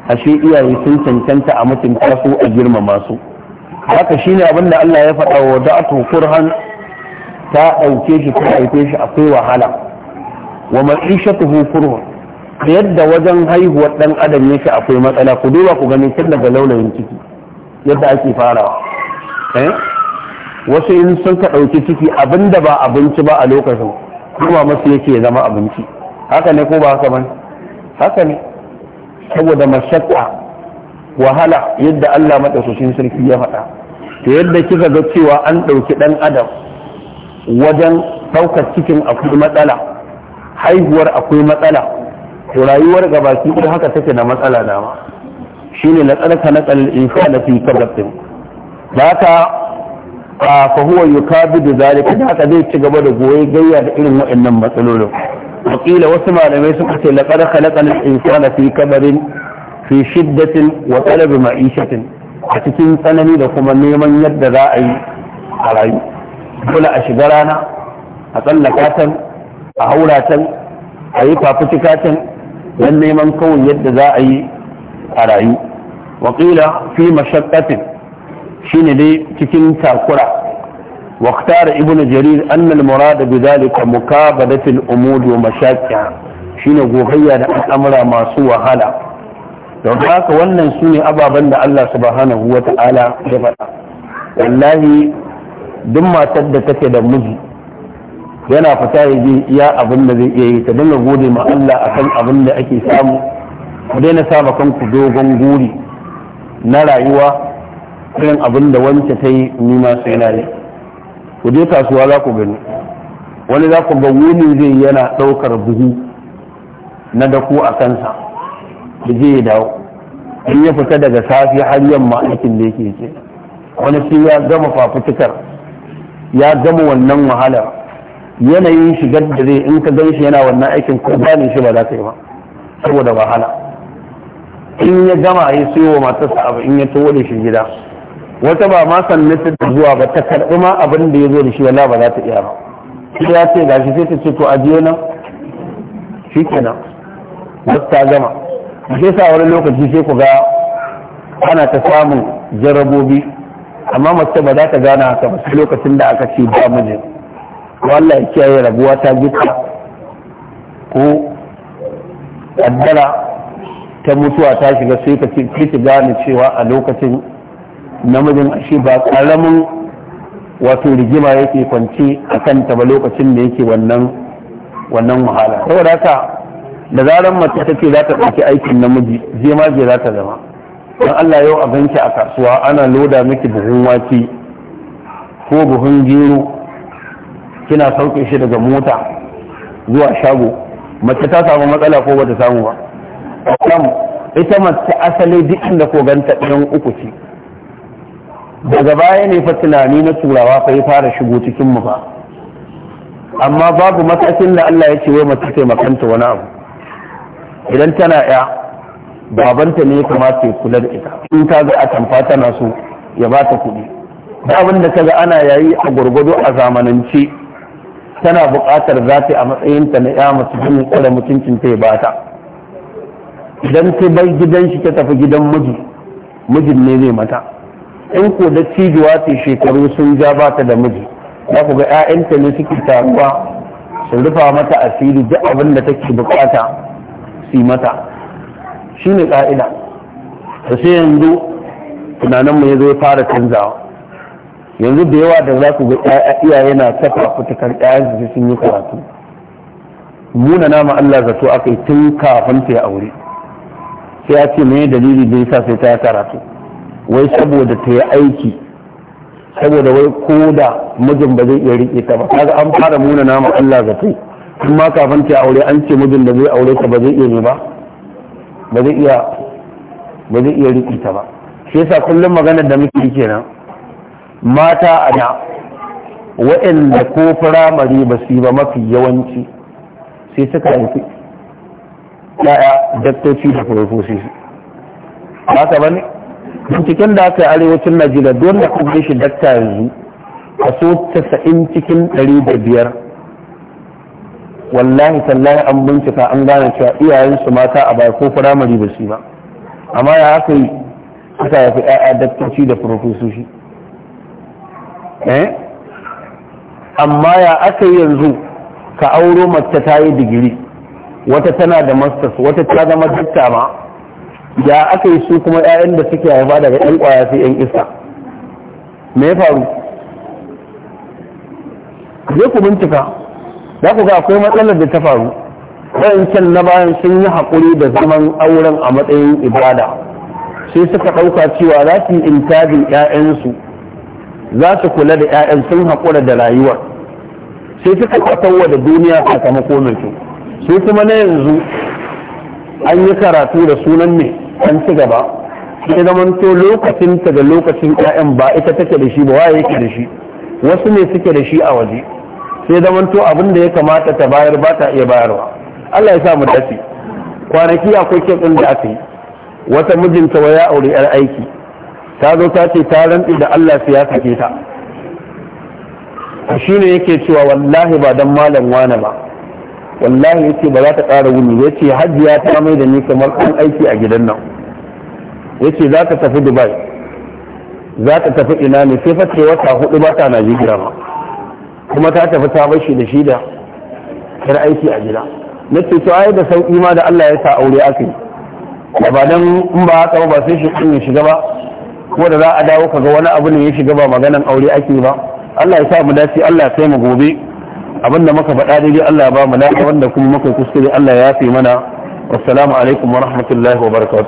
ashe iyaye sun cancanta a mutunta su a girmama su haka shine abin da Allah ya faɗa wa da'atu kurhan ta ɗauke shi ko haife shi akwai wahala wa ma'ishatuhu da yadda wajen haihuwar dan adam yake akwai matsala ku duba ku gani tun daga laulayin ciki yadda ake farawa eh? wasu in sun ka ɗauki ciki abinda ba abinci ba a lokacin kuma masu yake zama abinci haka ne ko ba haka ba haka ne saboda mashakwa wahala yadda Allah maɗaukakin sarki ya faɗa to yadda kika ga cewa an ɗauki ɗan adam wajen ɗaukar cikin akwai matsala haihuwar akwai matsala rayuwar gabaki ɗaya haka take da matsala dama shine na tsarka na tsallar insana fi kabatin da haka a fahuwa kabi da zalika da haka zai ci gaba da goye gayya da irin waɗannan matsalolin wakila wasu malamai suka ce laƙar halakan insana fi kabarin fi shiddatin wa talabi ma'ishatin a cikin tsanani da kuma neman yadda za a yi a rayu dole a shiga rana a tsallaka a haura can a yi fafutuka can don neman kawai yadda za a yi a rayu wakila fi mashakkatin shi ne dai cikin takura waktar ibn jarir annal murada bi zalika mukabadatul umud wa mashaqqa shine gogayya da al'amura masu wahala don haka wannan sune ababen da Allah subhanahu wa ta'ala ya faɗa wallahi duk matar da take da miji yana fita ya je iya abin da zai iya yi ta dinga gode ma Allah akan abin da ake samu ku daina saba kanku dogon guri na rayuwa irin abin da wance ta yi ni ma sai na yi ku je kasuwa za ku gani wani za ku ga wuni zai yana ɗaukar buhu na dako a kansa da je ya dawo in ya fita daga safi har yamma aikin da yake ce wani shi ya gama fafutukar ya gama wannan wahalar yanayin shigar da zai in ka gan shi yana wannan aikin ko gane shi ba za ka yi ba saboda wahala in ya gama ya siyo wa matarsa abu in ya tawo da shi gida wata ba ma sannan ta zuwa ba ta karɓi ma abin da ya zo da shi wala ba za ta iya ba sai ya ce shi sai ta ce to ajiye nan shi kenan wasu ta gama shi sa wani lokaci sai ku ga ana ta samun jarabobi amma mace ba za ta gana haka ba sai lokacin da aka ce ba mijin ko Allah ya kiyaye rabuwa ta gita ko addara ta mutuwa ta shiga sai ka ce ki gane cewa a lokacin namijin ashe ba karamin wato rigima yake kwance a kanta ba lokacin da yake wannan wannan wahala saboda haka da zaran mace ta ce za ta ɗauki aikin namiji je ma je za ta zama don Allah yau a ganki a kasuwa ana loda miki buhun wake ko buhun gero kina sauke shi daga mota zuwa shago mace ta samu matsala ko bata samu ba kam ita mace asali duk inda ko ganta ɗan uku ce daga baya ne fa tunani na turawa fa ya fara shigo cikin mu ba amma babu matakin da Allah ya ce wai mace taimakanta wani abu idan tana ya babanta ne ya kamata ya kula da ita in ta ga atamfa tana so ya ba ta kuɗi da abin da kaga ana yayi a gwargwado a zamanance tana buƙatar yi a matsayinta na ya masu hannun tsara mutuncin ta ba ta idan ta bai gidan shi ta tafi gidan miji mijin ne zai mata in ko da cijuwa ta shekaru sun ja ba ta da miji za ku ga 'ya'yanta ne suke taruwa su rufa mata asiri duk abin da take buƙata su mata shi ne ƙa'ida da sai yanzu tunaninmu ya zo fara canzawa yanzu da yawa da za ku ga iyaye na tafa fitakar ɗayan su sun yi karatu muna nama Allah zato aka yi tun kafin ta aure sai ya ce mai dalili da yasa sai ta yi karatu wai saboda ta yi aiki saboda wai ko da mijin ba zai iya riƙe ta ba kaga an fara muna nama Allah zato tun ma kafin ta aure an ce mijin da zai aure ta ba zai iya ne ba ba zai iya ba ta ba shi yasa kullum maganar da muke kenan mata a da waɗanda ko firamare ba su yi ba mafi yawanci sai suka yanki ya'ya daktoci da furofosi ba ka ba ne binciken da aka yi arewacin najeriya don da kuma shi dakta yanzu kaso casa'in cikin ɗari da biyar wallahi tallahi an bincika an gane cewa iyayensu mata a baya ko firamare ba su yi ba amma ya haka yi suka yafi 'ya'ya daktoci da furofosi Eh? amma ya aka yanzu ka auro mace ta yi digiri wata tana da masters wata ta zama dakta ma ya aka yi su kuma 'ya'yan da suke haifa daga 'yan kwaya sai 'yan isa me ya faru Je ku bincika za ku ga akwai matsalar da ta faru can na bayan sun yi haƙuri da zaman auren a matsayin ibada sai suka ɗauka cewa za su yi intajin 'ya'yansu za su kula da 'ya'yan sun haƙura da rayuwa sai suka wa da duniya sakamako mai kyau su kuma na yanzu an yi karatu da sunan ne an ci gaba sai zaman to lokacin ta da lokacin 'ya'yan ba ita take da shi ba waye yake da shi wasu ne suke da shi a waje sai zaman to abin da ya kamata ta bayar ba ta iya bayarwa Allah ya sa mu dace kwanaki akwai kin da aka yi wata mijinta wa ya aure 'yar aiki ta zo ta ce ta rantsi da Allah sai ya sake ta shi ne yake cewa wallahi ba dan malam wane ba wallahi yake ba za ta ƙara wuni ya ce ya ta mai da ni kamar an aiki a gidan nan ya ce za ta tafi dubai za ta tafi ina ne sai fasce wata hudu ba ta najeriya ba kuma ta tafi ta bashi da shi da kar aiki a gida na ce to ai da sauƙi ma da Allah ya sa aure aka yi ba dan in ba haka ba sai shi in shiga ba ko da za a dawo kaga wani abu ne ya shiga ba maganan aure ake ba Allah ya sa mu dace Allah ya mu gobe abinda muka faɗa daidai Allah ya ba mu lafiya wanda kuma muka kuskure Allah ya fi mana wassalamu alaikum wa rahmatullahi wa barakatuh